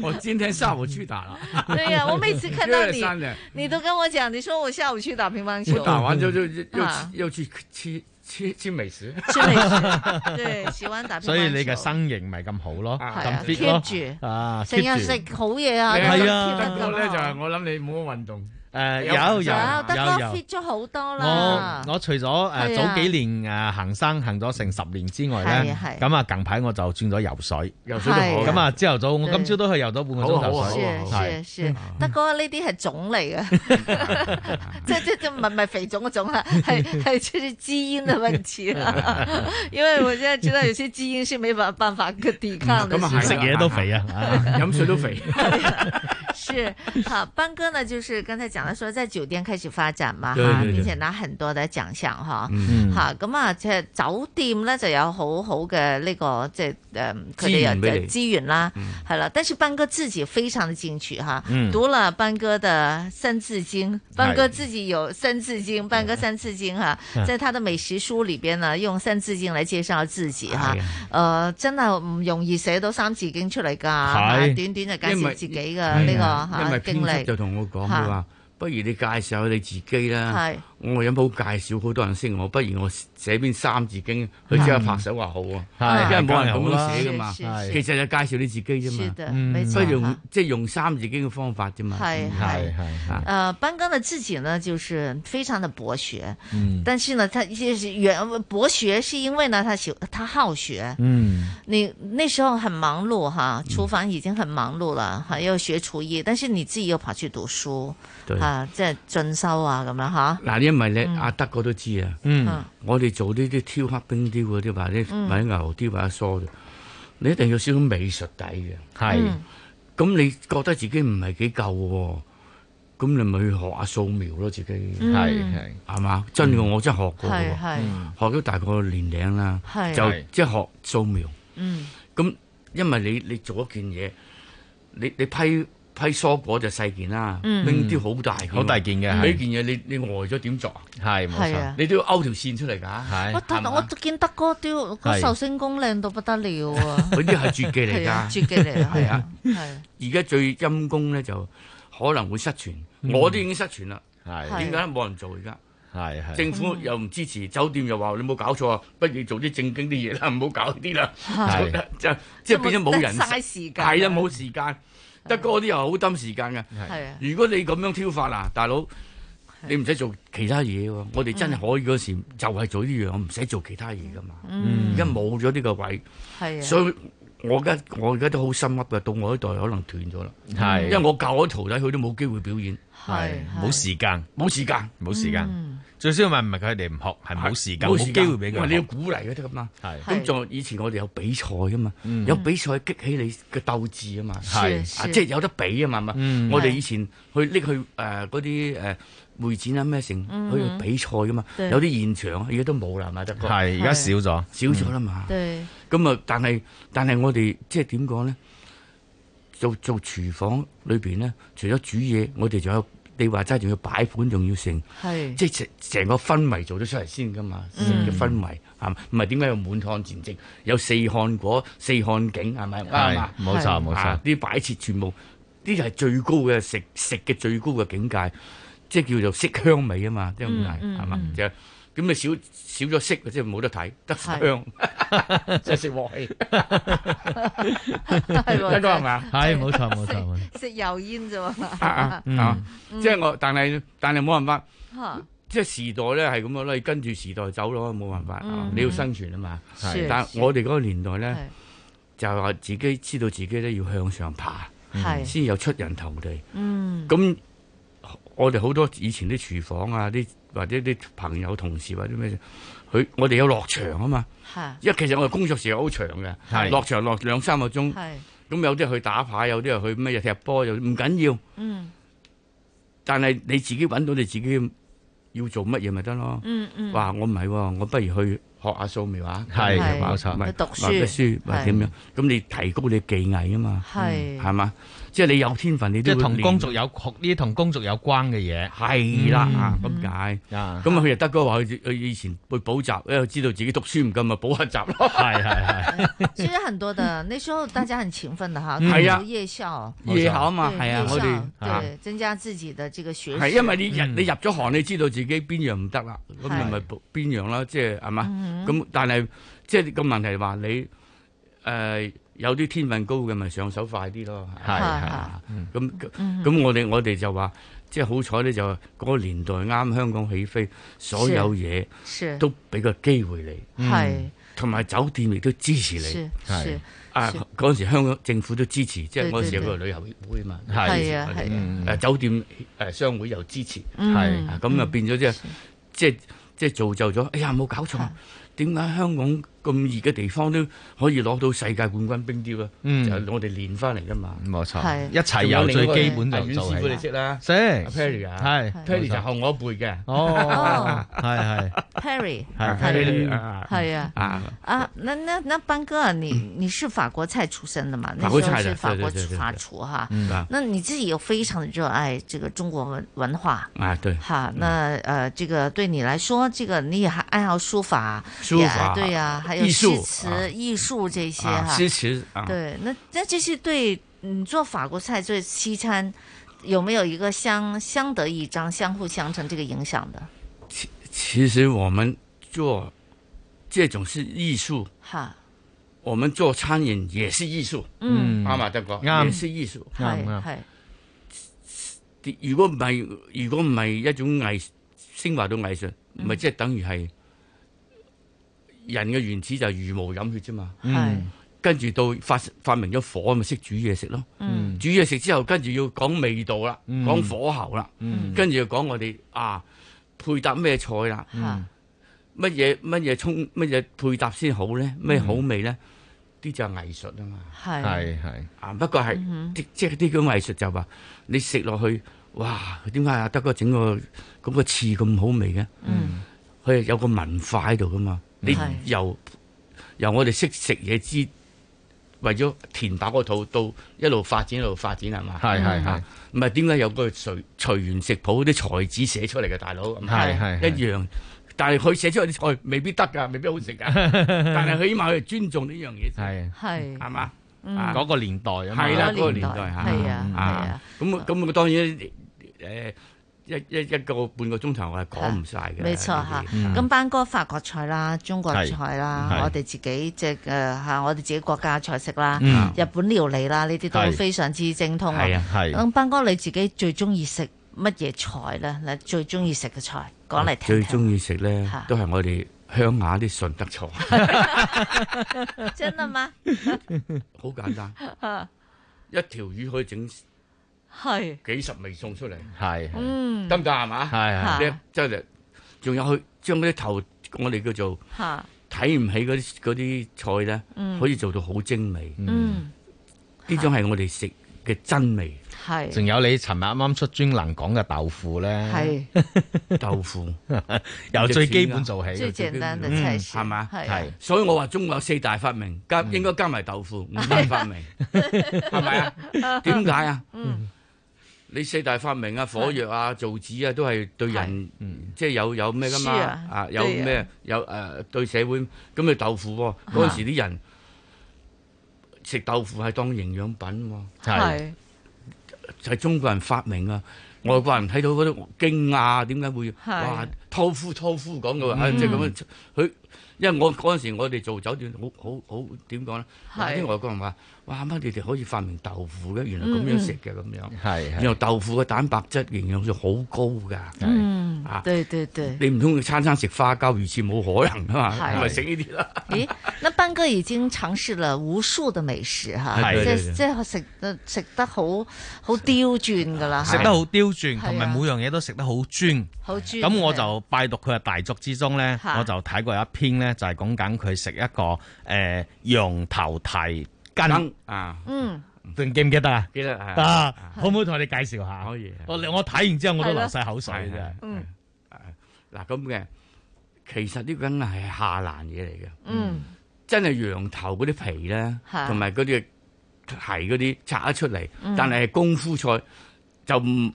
我今天下午去打了。對呀，我每次看到你，你都跟我講，你說我下午去打乒乓球。打完就就又去吃吃吃美食。吃美食，對，喜歡打乒乓球。所以你嘅身形咪咁好咯，咁 fit 咯。啊，成日食好嘢啊。係啊，第一咧就係我諗你冇乜運動。誒，有有有，德哥 fit 咗好多啦。我我除咗誒早幾年誒行山行咗成十年之外咧，咁啊近排我就轉咗游水，游水都好。咁啊朝頭早我今朝都去游咗半個鐘頭水。係德哥呢啲係腫嚟嘅，即即即唔係唔係肥腫嘅腫啦，係係即係基因嘅問題。因為我現在知道有些基因是沒法辦法去抵抗嘅。咁啊係，食嘢都肥啊，飲水都肥。是，好，班哥呢，就是剛才講。所以喺酒店開始發展嘛，吓，並且拿很多的獎項，嗯吓咁啊，即係酒店呢就有好好嘅呢個即係誒，佢哋有資源啦，係啦。但是班哥自己非常進取，吓，讀啦班哥的《三字經》，班哥自己有《三字經》，班哥《三字經》哈，在他的美食書裏邊呢，用《三字經》來介紹自己，哈，誒，真的唔容易寫到《三字經》出嚟噶，係短短就介紹自己嘅呢個吓經歷，就同我講佢話。不如你介紹下你自己啦。我有冇介紹好多人識我，不如我寫篇三字經，佢即刻拍手話好喎，因為冇人好好寫噶嘛。其實就介紹你自己啫嘛，不用即係用三字經嘅方法啫嘛。係係係。誒，班幹的自己呢，就是非常的博學。但是呢，他也是原博學，係因為呢，他喜他好學。嗯，你那時候很忙碌哈，廚房已經很忙碌啦，又要學廚藝，但是你自己又跑去讀書，啊，即係進修啊咁樣嚇。嗱因為你阿德哥都知啊！嗯、我哋做呢啲挑黑冰雕嗰啲，或者或者牛雕或者梳嘅，你一定要少少美術底嘅。係、嗯，咁你覺得自己唔係幾夠喎？咁你咪去學下素描咯，自己係係係嘛？真嘅，吧嗯、我真係學過嘅喎，學咗大個年齡啦，就即係學素描。嗯，咁因為你你做一件嘢，你你批。批蔬果就細件啦，拎啲好大，好大件嘅。呢件嘢，你你呆咗點做啊？係冇錯，你都要勾條線出嚟噶。我但係我見德哥雕嗰壽星公靚到不得了啊！嗰啲係絕技嚟噶，絕技嚟啊！係啊，係。而家最陰功咧，就可能會失傳。我都已經失傳啦。係，點解冇人做而家？係政府又唔支持，酒店又話你冇搞錯啊，不如做啲正經啲嘢啦，唔好搞啲啦。係，就即係變咗冇人。嘥時間係啊，冇時間。德哥嗰啲又好掹時間嘅。啊、如果你咁樣挑法啊，大佬，你唔使做其他嘢喎。啊、我哋真係可以嗰時就係做呢樣，我唔使做其他嘢噶嘛。而家冇咗呢個位，啊、所以我而家我而家都好深刻嘅。到我呢代可能斷咗啦，啊、因為我教我徒弟，佢都冇機會表演。係冇時間，冇時間，冇時間。最衰咪唔係佢哋唔學，係冇時間，冇機會俾佢。你要鼓勵嘅啫嘛。係。咁仲以前我哋有比賽噶嘛，有比賽激起你嘅鬥志啊嘛。係。即係有得比啊嘛，係我哋以前去搦去誒嗰啲誒會展啊咩成去比賽噶嘛，有啲現場，而家都冇啦，係咪？大哥。係，而家少咗。少咗啦嘛。對。咁啊，但係但係我哋即係點講咧？做做廚房裏邊呢，除咗煮嘢，嗯、我哋仲有你話齋，仲要擺盤要，仲要盛，即係成成個氛圍做咗出嚟先㗎嘛，成個氛圍嚇，唔係點解有滿漢全席，有四漢果四漢景，係咪啊？冇錯冇錯，啲擺設全部，呢啲就係最高嘅食食嘅最高嘅境界，即係叫做色香味啊嘛，啲咁嘅係嘛，咁咪少少咗色，即係冇得睇，得香，即係食鑊氣，得係，係咪啊？係，冇錯冇錯，食油煙啫嘛。啊，即係我，但係但係冇辦法，即係時代咧係咁樣咯，你跟住時代走咯，冇辦法，你要生存啊嘛。但係我哋嗰個年代咧，就係話自己知道自己咧要向上爬，先有出人頭地。嗯，咁我哋好多以前啲廚房啊啲。或者啲朋友同事或者咩，佢我哋有落場啊嘛，因為其實我哋工作時間好長嘅，落場落兩三個鐘，咁有啲去打牌，有啲又去咩嘢踢波，又唔緊要。嗯，但係你自己揾到你自己要做乜嘢咪得咯。嗯嗯，話我唔係，我不如去學下素描啊，係唔係？唔係讀書，唔係點樣？咁你提高你技藝啊嘛，係係嘛？即係你有天分，你都即同工作有學啲同工作有關嘅嘢。係啦，咁解。咁佢又得嘅話，佢以前會補習，佢又知道自己讀書唔夠，咪補下習咯。係係係。其實很多的，那時候大家很勤奮的哈。係啊，夜校，夜校嘛，係啊，我哋對增加自己的這個學係，因為你入你入咗行，你知道自己邊樣唔得啦，咁咪咪補邊樣啦。即係係嘛，咁但係即係個問題話你誒。有啲天分高嘅，咪上手快啲咯。係係。咁咁，我哋我哋就話，即係好彩咧，就嗰個年代啱香港起飛，所有嘢都俾個機會你。係。同埋酒店亦都支持你。係。啊，嗰陣時香港政府都支持，即係嗰陣時有個旅遊協會嘛。係啊係。誒酒店誒商會又支持。嗯。咁就變咗即係即係即係造就咗。哎呀，冇搞錯，點解香港，咁熱嘅地方都可以攞到世界冠軍冰雕啦，就我哋練翻嚟噶嘛。冇錯，係，一齊有最基本就做起啦。Sir，Perry 啊，係 Perry 就後我一輩嘅。哦，係係。Perry 係 Perry 啊，係啊。啊啊那那那班哥啊，你你是法國菜出身的嘛？法國菜嘅法國法廚哈。嗯。那你自己又非常熱愛這個中國文文化。啊，對。哈，那呃這個對你來說，這個你也還愛好書法。書法。對啊，詩詞藝術這些哈，詩詞對，那那這是對你做法國菜做西餐，有沒有一個相相得益彰、相互相成這個影響的？其其實我們做這種是藝術，哈，我們做餐飲也是藝術，嗯，啱唔啱得也是藝術，係係。如果唔係，如果唔係一種藝升華到藝術，唔係即係等於係。人嘅原始就係茹毛飲血啫嘛，跟住到發發明咗火，咪識煮嘢食咯。煮嘢食之後，跟住要講味道啦，講火候啦，跟住要講我哋啊配搭咩菜啦，乜嘢乜嘢衝乜嘢配搭先好咧？咩好味咧？啲就係藝術啊嘛，係係啊，不過係即係啲咁藝術就話你食落去哇，點解阿德哥整個咁個翅咁好味嘅？佢有個文化喺度㗎嘛。你由是由我哋識食嘢之，為咗填飽個肚，到一路發展，一路發展係嘛？係係嚇，唔係點解有個隨隨園食譜啲才子寫出嚟嘅大佬？係係是一樣，但係佢寫出嚟啲菜未必得㗎，未必好食㗎。 [laughs] 但係佢起碼佢尊重呢樣嘢，係係係嘛？嗰、嗯、個年代咁，嗰、嗰個年代嚇，係啊係啊，咁、咁、咁、個、的當然誒。呃一一一個半個鐘頭，我係講唔晒嘅。冇錯嚇，咁、嗯啊、班哥法國菜啦、中國菜啦，是我哋自己即係誒嚇，我哋自己國家菜式啦，嗯、日本料理啦，呢啲都非常之精通嘅。啊，係、啊。咁、啊啊、班哥你自己最中意食乜嘢菜咧？你最中意食嘅菜講嚟聽,聽。啊、最中意食咧，都係我哋鄉下啲順德菜。 [laughs] [laughs] 真係嗎？好 [laughs] 簡單，一條魚可以整。係幾十味送出嚟，係，得唔得啊？嘛，啲即係，仲有去將嗰啲頭，我哋叫做睇唔起嗰啲啲菜咧，可以做到好精美。呢種係我哋食嘅真味。係，仲有你尋日啱啱出專欄講嘅豆腐咧，豆腐由最基本做起，最簡單嘅菜式，係嘛？係，所以我話中國有四大發明，加應該加埋豆腐五大發明，係咪啊？點解啊？你四大發明啊，火藥啊、造紙啊，都係對人即係的、嗯就是、有有咩噶嘛？的啊，有咩？的有誒、呃、對社會咁嘅豆腐嗰、啊、陣時啲人的食豆腐係當營養品喎、啊，係、就、係、是、的中國人發明啊！外國人睇到覺得驚訝，點解會的哇？托夫托夫講嘅話，即係咁樣。佢因為我嗰陣時我哋做酒店，好好好點講咧？啲的外國人話。哇！乜你哋可以發明豆腐嘅？原來咁樣食嘅咁樣，然後豆腐嘅蛋白質營養就好高㗎。嗯，啊，對對對，你唔通餐餐食花膠，魚翅，冇可能啊嘛，咪食呢啲啦。咦？那班哥已經嘗試了無數的美食哈，即係即係食得食得好好刁鑽㗎啦，食得好刁鑽，同埋每樣嘢都食得好專，好專，咁我就拜讀佢嘅大作之中咧，我就睇過一篇咧，就係講緊佢食一個誒羊頭蹄。跟啊，嗯，仲記唔記得啊？記得係啊，可唔可以同你介紹下？可以。我我睇完之後，我都流晒口水嘅。嗯，嗱咁嘅，其實呢個係下欄嘢嚟嘅。嗯，真係羊頭嗰啲皮咧，同埋嗰啲蹄嗰啲拆得出嚟，但係功夫菜就唔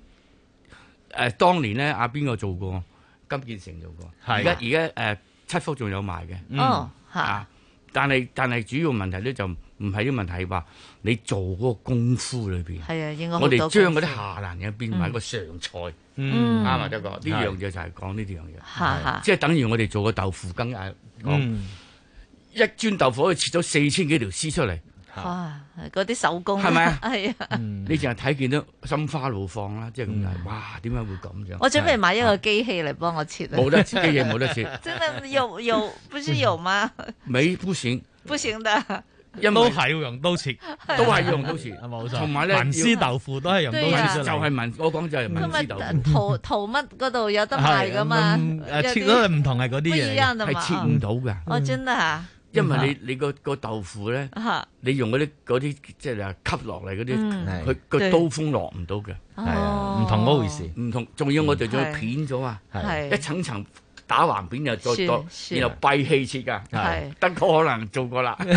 誒，當年咧阿邊個做過？金建成做過。而家而家誒七福仲有賣嘅。哦，吓。但係但係主要問題咧就。唔係啲問題吧？你做嗰個功夫裏面，我哋將嗰啲下欄嘅變埋一個上菜，啱咪得哥，呢樣嘢就係講呢啲樣嘢，即係等於我哋做個豆腐羹啊！一磚豆腐可以切咗四千幾條絲出嚟，嗰啲手工係咪啊？你淨係睇見都心花怒放啦！即係咁解，哇！點解會咁樣？我準備買一個機器嚟幫我切冇得切，機器冇得切。真係油油，不是有嗎美不行，不行的。有冇？係用刀切，都係用刀切，係冇好。同埋咧文絲豆腐都係用刀切，就係文。我講就係文絲豆腐。圖乜嗰度有得賣噶嘛？切咗度唔同係嗰啲嘢，係切唔到噶。我真係，因為你你個個豆腐咧，你用嗰啲啲即係吸落嚟嗰啲，佢個刀鋒落唔到嘅，係啊，唔同嗰回事，唔同。仲要我哋仲要片咗啊，一層層。打橫片又再多，然後閉氣切噶，係斌哥可能做過啦。斌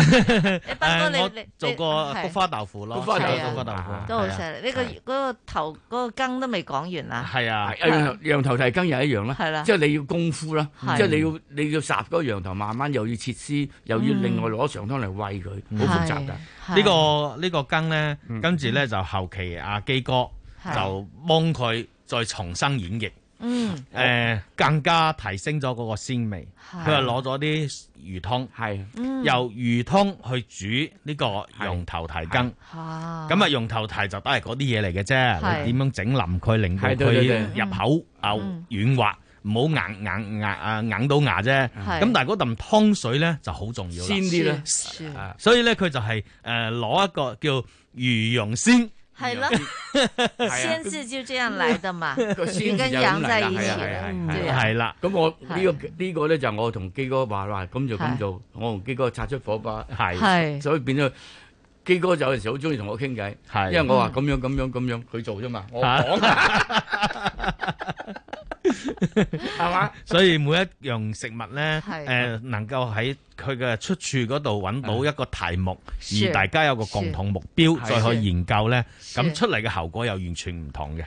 哥你你做過菊花豆腐咯，菊花豆腐，菊花豆腐都好犀利。呢個個頭嗰個羹都未講完啊。係啊，羊羊頭蹄羹又一樣啦。係啦，即係你要功夫啦，即係你要你要殺嗰個羊頭，慢慢又要切絲，又要另外攞上湯嚟喂佢，好複雜噶。呢個呢個羹咧，跟住咧就後期阿基哥就幫佢再重新演繹。嗯，誒更加提升咗嗰個鮮味，佢係攞咗啲魚湯，係由魚湯去煮呢個羊頭蹄羹。啊，咁啊羊頭蹄就得係嗰啲嘢嚟嘅啫，點樣整腍佢令到佢入口啊軟滑，唔好硬硬硬啊硬到牙啫。咁但係嗰啖湯水咧就好重要啦，鮮啲啦，所以咧佢就係誒攞一個叫魚羊鮮。係咯，先至就這樣來的嘛，先跟羊在一起啦，係啦。咁我呢個呢個咧就我同基哥話話，咁就咁做，我同基哥擦出火花，係，所以變咗基哥就有時好中意同我傾偈，係，因為我話咁樣咁樣咁樣佢做啫嘛，我講。係嘛？所以每一樣食物咧，誒，能夠喺佢嘅出處嗰度揾到一個題目，而大家有個共同目標，再去研究咧，咁出嚟嘅效果又完全唔同嘅。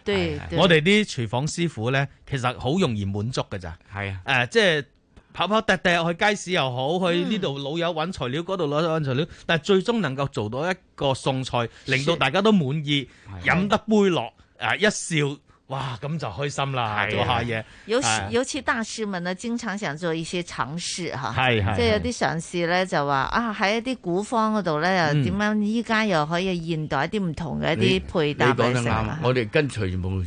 我哋啲廚房師傅咧，其實好容易滿足㗎咋。係啊，誒，即係跑跑趯趯去街市又好，去呢度老友揾材料嗰度攞材料，但係最終能夠做到一個餸菜，令到大家都滿意，飲得杯落，誒，一笑。哇，咁就開心啦，做、啊、下嘢。尤其尤其大師們呢，經常想做一些嘗試吓，係即係有啲嘗試咧就話啊，喺、啊啊啊、一啲古方嗰度咧又點樣？依家又可以現代一啲唔同嘅一啲配搭嚟食啊！我哋跟隨冇。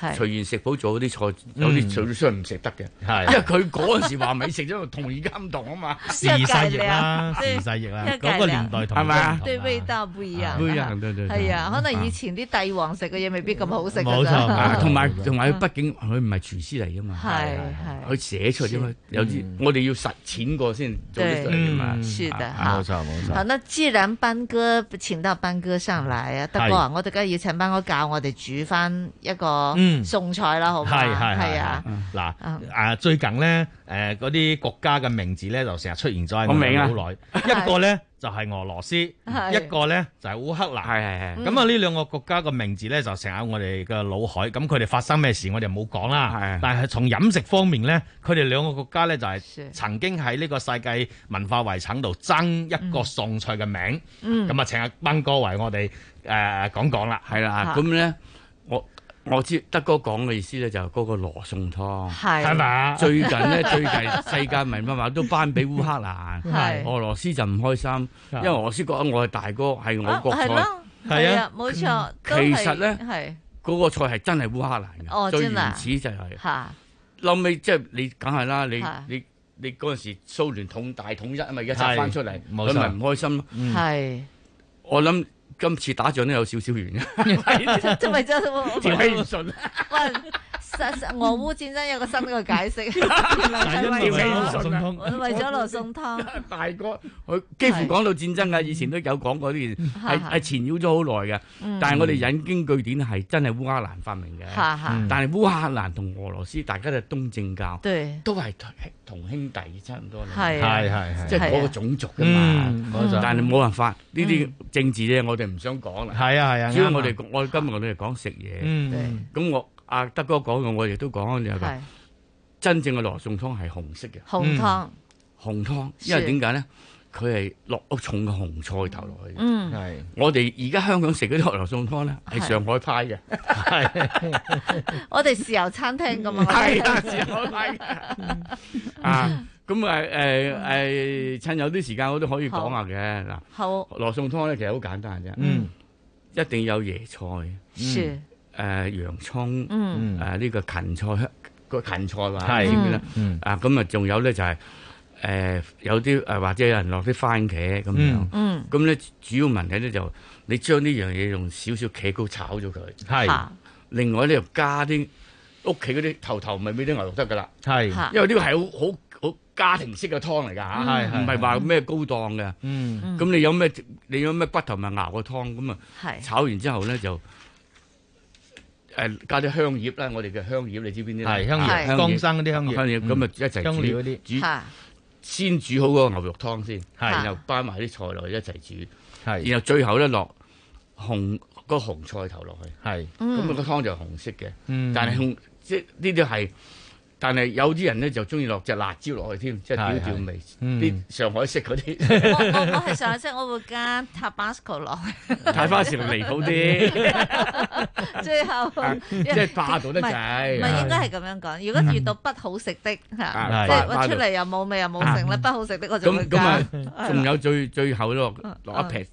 隨緣食補做啲菜，有啲做咗出唔食得嘅。因為佢嗰陣時話美食，因為同而家唔同啊嘛，時勢亦啦，時啦，嗰年代同，係咪啊？對味道不一樣不一樣。對，係啊，可能以前啲帝王食嘅嘢未必咁好食。冇錯，同埋同埋，畢竟佢唔係廚師嚟噶嘛，係係，佢寫出嚟有啲，我哋要實踐過先做得出嘅嘛。冇錯冇錯。咁啊，既然斌哥請到斌哥上嚟啊，德哥啊，我哋而家要請斌哥教我哋煮翻一個嗯，送菜啦，好唔好？係係係啊，嗱啊，最近咧，誒，嗰啲國家嘅名字咧，就成日出現咗喺我哋腦內。一個咧就係俄羅斯，一個咧就係烏克蘭。係係係。咁啊，呢兩個國家嘅名字咧，就成日喺我哋嘅腦海。咁佢哋發生咩事，我哋冇講啦。係。但係從飲食方面咧，佢哋兩個國家咧就係曾經喺呢個世界文化遺產度爭一個送菜嘅名。咁啊，請阿斌哥為我哋誒講講啦，係啦，咁咧。我知德哥講嘅意思咧，就係嗰個羅宋湯，係嘛？最近咧，最近世界文係乜話都頒俾烏克蘭，俄羅斯就唔開心，因為俄羅斯覺得我係大哥，係我國菜，係啊，冇錯。其實咧，嗰個菜係真係烏克蘭嘅，最原始就係。吓，諗起即係你，梗係啦，你你你嗰陣時蘇聯統大統一啊嘛，一拆翻出嚟，咁咪唔開心咯。係，我諗。今次打仗都有少少原因，真係真？我睇唔順。俄烏戰爭有個新嘅解釋，係為咗羅宋湯。大哥，我幾乎講到戰爭啊，以前都有講過呢件事，係係纏繞咗好耐嘅。但係我哋引經據典係真係烏克蘭發明嘅。但係烏克蘭同俄羅斯，大家就東正教，對，都係同兄弟差唔多。係係係，即係嗰個種族嘅嘛。但係冇辦法，呢啲政治咧，我哋唔想講啦。係啊係啊。主要我哋我今日我哋講食嘢。咁我。阿德哥講嘅，我亦都講有樣真正嘅羅宋湯係紅色嘅。紅湯，紅湯，因為點解咧？佢係落重嘅紅菜頭落去。嗯，係。我哋而家香港食嗰啲羅宋湯咧，係上海派嘅。係，我哋豉油餐廳咁嘛。係啊，豉油派。啊，咁啊，誒，誒，趁有啲時間，我都可以講下嘅。嗱，好。羅宋湯咧，其實好簡單啫。嗯。一定要有椰菜。誒，洋蔥，誒呢個芹菜，個芹菜啦，點樣咧？啊，咁啊，仲有咧就係誒，有啲誒，或者有人落啲番茄咁樣，咁咧主要問題咧就你將呢樣嘢用少少茄膏炒咗佢，係。另外咧又加啲屋企嗰啲頭頭咪俾啲牛肉得噶啦，係。因為呢個係好好好家庭式嘅湯嚟噶，吓，唔係話咩高檔嘅。嗯。咁你有咩你有咩骨頭咪熬個湯咁啊？係。炒完之後咧就。誒加啲香葉啦，我哋嘅香葉你知邊啲啦？香葉、江生啲香葉，咁啊一齊煮香葉嗰啲，先煮好個牛肉湯先，然後擺埋啲菜落去一齊煮，然後最後一落紅嗰紅菜頭落去，咁個湯就紅色嘅。但係紅即係呢啲係。但係有啲人咧就中意落隻辣椒落去添，即係調調味。啲上海式嗰啲，我我我係上海式，我會加塔巴斯羅落去。塔巴斯羅嚟好啲。最後即係霸道得滯，唔係應該係咁樣講。如果遇到不好食的，即係出嚟又冇味又冇剩，咧，不好食的我就會加咁咁啊，仲有最最後呢？落落一撇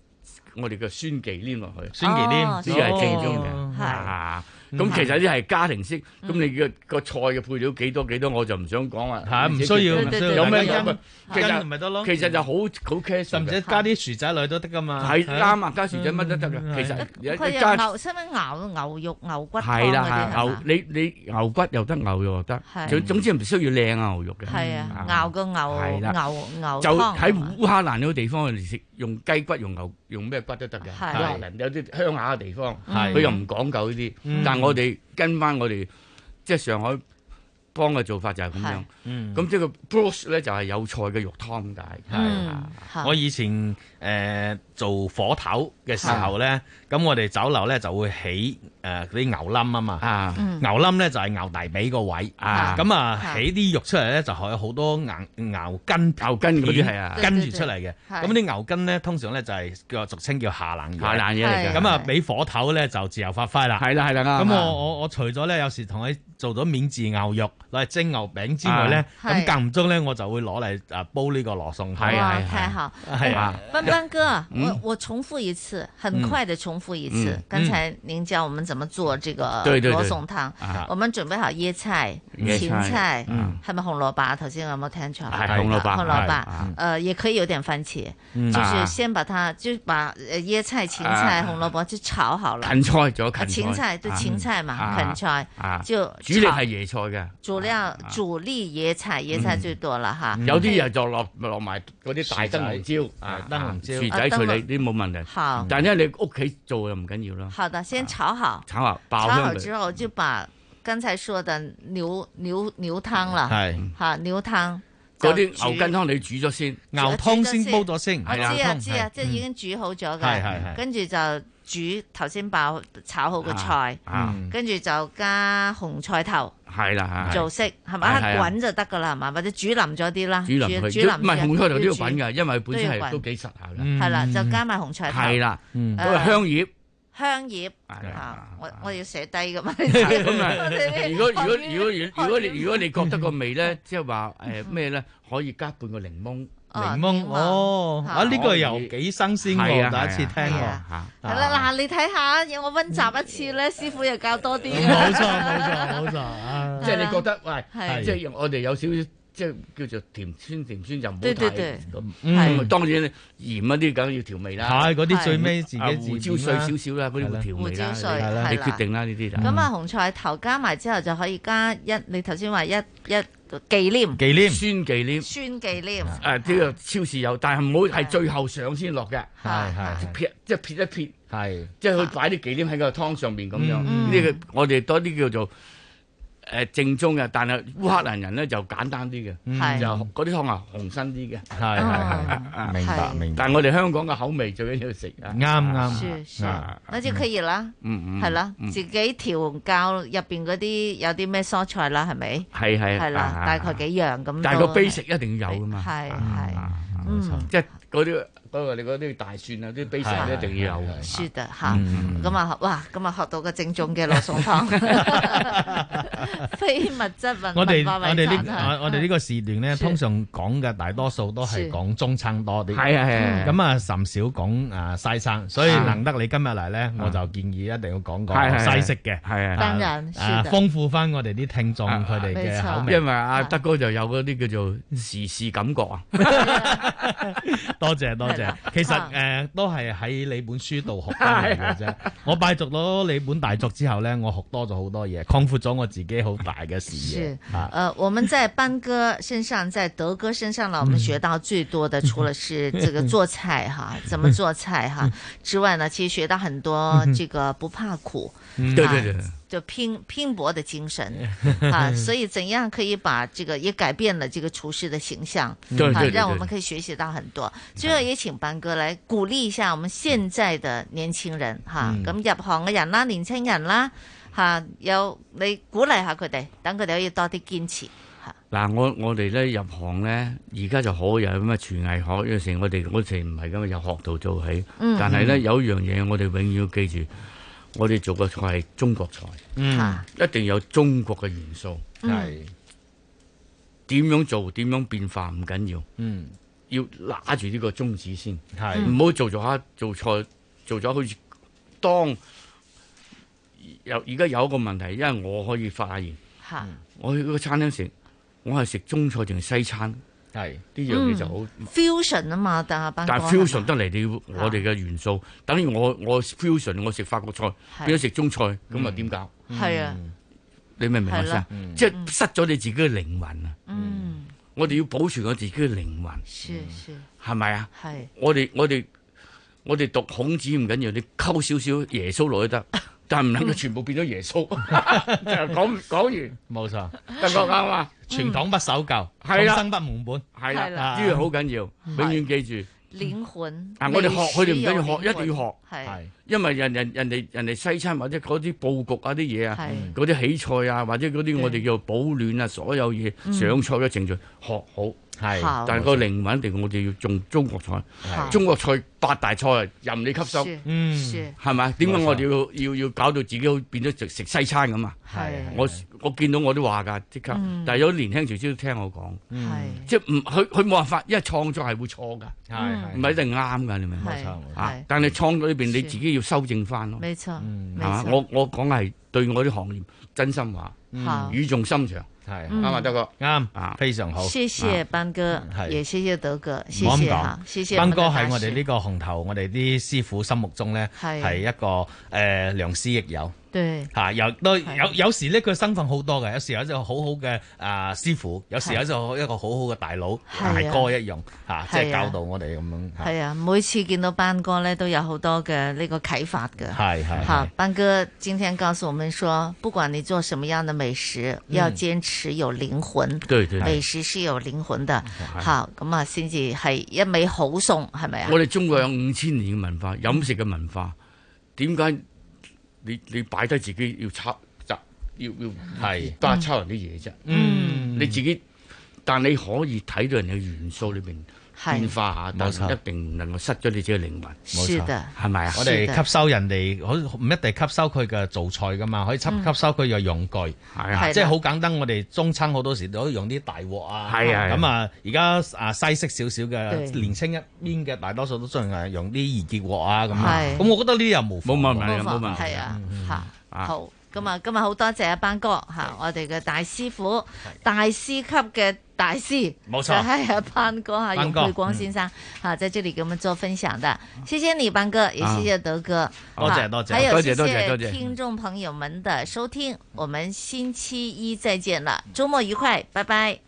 我哋嘅酸忌廉落去，酸忌廉呢個係正宗嘅，係。咁其實呢啲係家庭式，咁你個個菜嘅配料幾多幾多，我就唔想講啦。嚇，唔需要，有咩？其實其實就好好 casual，甚至加啲薯仔落去都得噶嘛。係啱啊，加薯仔乜都得噶。其實，一加，識唔識熬牛肉牛骨湯嗰啲？係啦，牛你你牛骨又得，牛肉又得，總總之唔需要靚牛肉嘅。係啊，熬個牛牛牛就喺烏哈蘭嗰個地方食，用雞骨用牛。用咩骨都得嘅，可能有啲鄉下嘅地方，佢又唔講究呢啲。但係我哋跟翻我哋即係上海幫嘅做法就係咁樣。咁即係個 broth 咧就係有菜嘅肉湯㗎。我以前誒做火頭嘅時候咧，咁我哋酒樓咧就會起。誒，啲牛冧啊嘛，牛冧咧就係牛大髀個位，咁啊起啲肉出嚟咧就係有好多牛筋，牛筋嗰啲係啊，跟住出嚟嘅。咁啲牛筋咧通常咧就係叫俗稱叫下冷嘢，下冷嘢嚟嘅。咁啊俾火頭咧就自由發揮啦，係啦係啦。咁我我我除咗咧有時同佢做咗免治牛肉，攞嚟蒸牛餅之外咧，咁間唔中咧我就會攞嚟煲呢個羅宋湯。係啊，太好，係啊。班班哥，我我重複一次，很快地重複一次，剛才您教我們怎麼做這個羅宋湯？我們準備好椰菜、芹菜，嗯，係咪紅蘿蔔。頭先有冇聽錯，紅蘿蔔，紅蘿蔔，呃，也可以有點番茄，就是先把它，就把椰菜、芹菜、紅蘿蔔就炒好了。芹菜仲芹菜，芹菜就芹菜嘛，芹菜就。主力係椰菜嘅，主料主力椰菜，椰菜最多啦，吓。有啲人就落落埋嗰啲大燈籠椒啊，燈籠椒、薯仔、薯仔啲冇問題。好，但係因為你屋企做就唔緊要啦。好的，先炒好。炒啊！炒好之後就把剛才說的牛牛牛湯啦，係嚇牛湯。嗰啲牛筋湯你煮咗先，牛湯先煲咗先。我知啊知啊，即係已經煮好咗嘅。跟住就煮頭先爆炒好個菜，跟住就加紅菜頭。係啦係。做色係咪？一滾就得噶啦，係嘛？或者煮腍咗啲啦。煮腍佢。煮腍唔係紅菜頭都要滾嘅，因為本身係都幾實下嘅。係啦，就加埋紅菜頭。係啦，香葉。香葉啊，我我要寫低㗎嘛？如果如果如果如果你如果你覺得個味咧，即係話誒咩咧，可以加半個檸檬檸檬，哦啊！呢個又幾新鮮喎，第一次聽喎嚇。係啦，嗱你睇下，有冇温習一次咧，師傅又教多啲。冇錯冇錯冇錯，即係你覺得喂，即係我哋有少少。即係叫做甜酸甜酸就唔好咁，嗯，當然鹽嗰啲梗要調味啦。係嗰啲最尾自己胡椒碎少少啦，嗰啲胡椒碎啦，你決定啦呢啲就。咁啊紅菜頭加埋之後就可以加一，你頭先話一一忌廉。忌廉酸忌廉。酸忌廉。誒，呢個超市有，但係唔好係最後上先落嘅。係係。撇即係撇一撇。係。即係去擺啲忌廉喺個湯上面咁樣。呢個我哋多啲叫做。誒正宗嘅，但係烏克蘭人咧就簡單啲嘅，就嗰啲湯啊紅身啲嘅，係係係，明白明白。但係我哋香港嘅口味就喺度食啊，啱啱啊，好似可以啦，嗯嗯，係啦，自己調教入邊嗰啲有啲咩蔬菜啦，係咪？係係係啦，大概幾樣咁。但係個 base 一定要有㗎嘛，係係，冇錯，即係嗰啲。不過你嗰啲大蒜啊，啲 basic 一定要有。Sugar 嚇，咁啊哇，咁啊學到個正宗嘅羅宋湯，非物質文。我哋我哋呢我我哋呢個時段咧，通常講嘅大多數都係講中餐多啲。係啊係啊，咁啊甚少講啊西餐，所以難得你今日嚟咧，我就建議一定要講講西式嘅，係啊，豐富翻我哋啲聽眾佢哋嘅口味，因為阿德哥就有嗰啲叫做時事感覺啊。多謝多謝。其實誒、啊呃，都係喺你本書度學翻嚟嘅啫。啊、我拜讀咗你本大作之後呢，我學多咗好多嘢，擴闊咗我自己好大嘅視野是。是、啊呃，我們在班哥身上，在德哥身上啦，我們學到最多的，除了是這個做菜哈， [laughs] 怎麼做菜哈之外呢，其實學到很多這個不怕苦。嗯啊、對對對，對。就拼拼搏的精神 [laughs] 啊，所以怎樣可以把這個也改變了這個廚師的形象。 [laughs] 對對對對啊，讓我們可以學習到很多。最後也請班哥來鼓勵一下我們現在的年輕人哈，咁、啊、入行嘅人啦，年青人啦，哈、啊，有你鼓勵下佢哋，等佢哋可以多啲堅持。吓、啊、嗱，我我哋咧入行咧，而家就好有咁嘅廚藝學，有時我哋我哋唔係咁啊，由學徒做起，嗯嗯但係咧有一樣嘢我哋永遠要記住。我哋做嘅菜係中國菜，嗯，一定要有中國嘅元素，係點是樣做，點樣變化唔緊要，嗯，要揦住呢個宗旨先，係唔好做做下做菜做咗好似當有而家有一個問題，因為我可以發現，是我去個餐廳食，我係食中菜定西餐？係，呢樣嘢就好 fusion 啊嘛，但係班但係 fusion 得嚟，你要我哋嘅元素，等於我我 fusion，我食法國菜，變咗食中菜，咁啊點搞？係啊，你明唔明先？即係失咗你自己嘅靈魂啊！嗯，我哋要保存我自己嘅靈魂，係咪啊？係，我哋我哋我哋讀孔子唔緊要，你溝少少耶穌落去得，但係唔能夠全部變咗耶穌。講講完冇錯，得我啱嘛？傳統不守舊，係啦，生不蒙本，係啦，呢樣好緊要，永遠記住。靈魂啊！我哋學，佢哋唔緊要學，一定要學，係，因為人人人哋人哋西餐或者嗰啲布局啊啲嘢啊，嗰啲起菜啊，或者嗰啲我哋叫保暖啊，所有嘢上菜嘅程序，學好。係，但係個靈魂定我哋要種中國菜，中國菜八大菜任你吸收，係咪？點解我哋要要要搞到自己變咗食食西餐咁啊？我我見到我都話噶，即刻。但係有啲年輕廚師，都聽我講，即係唔，佢佢冇辦法，因為創作係會錯噶，唔係一定啱噶，你明唔明啊？但係創作裏邊你自己要修正翻咯，係嘛？我我講係對我啲行業真心話，語重心長。係啱啊，德哥啱。嗯、非常好，謝謝班哥，係、啊，也謝謝德哥，是謝謝哈，謝謝班哥。喺我哋呢個行頭，我哋啲師傅心目中咧係是一個誒、呃、良師益友。對，吓又有有時咧，佢身份好多嘅，有時候就好好嘅啊師傅，有時有就一個好好嘅大佬大哥一樣，嚇，即係教導我哋咁樣。係啊，每次見到班哥呢，都有好多嘅呢個啟發嘅。係係嚇，班哥今天告訴我們說，不管你做什麼樣嘅美食，要堅持有靈魂。美食是有靈魂的。好咁啊，先至係一味好餸，係咪啊？我哋中國有五千年嘅文化，飲食嘅文化點解？你你擺低自己要抄襲，要要，係都係抄人啲嘢啫。嗯，嗯你自己，但你可以睇到人嘅元素裏面。變化下，但係一定唔能夠失咗你自己嘅靈魂，冇錯，係咪啊？我哋吸收人哋，好唔一定吸收佢嘅做菜噶嘛，可以吸吸收佢嘅用具，係啊，即係好簡單。我哋中餐好多時都可以用啲大鑊啊，咁啊，而家啊西式少少嘅年輕一邊嘅，大多數都中意係用啲易潔鑊啊咁啊。咁我覺得呢啲又冇冇問題，冇問題，係啊，吓好。咁啊，今日好多謝阿班哥吓，我哋嘅大師傅，大師級嘅大師，冇錯係阿班哥啊，楊佩光先生，好，喺呢度畀我哋做分享的，謝謝你，班哥，也謝謝德哥，多謝多謝，多謝多謝，還有謝謝聽眾朋友們嘅收聽，我們星期一再見啦，周末愉快，拜拜。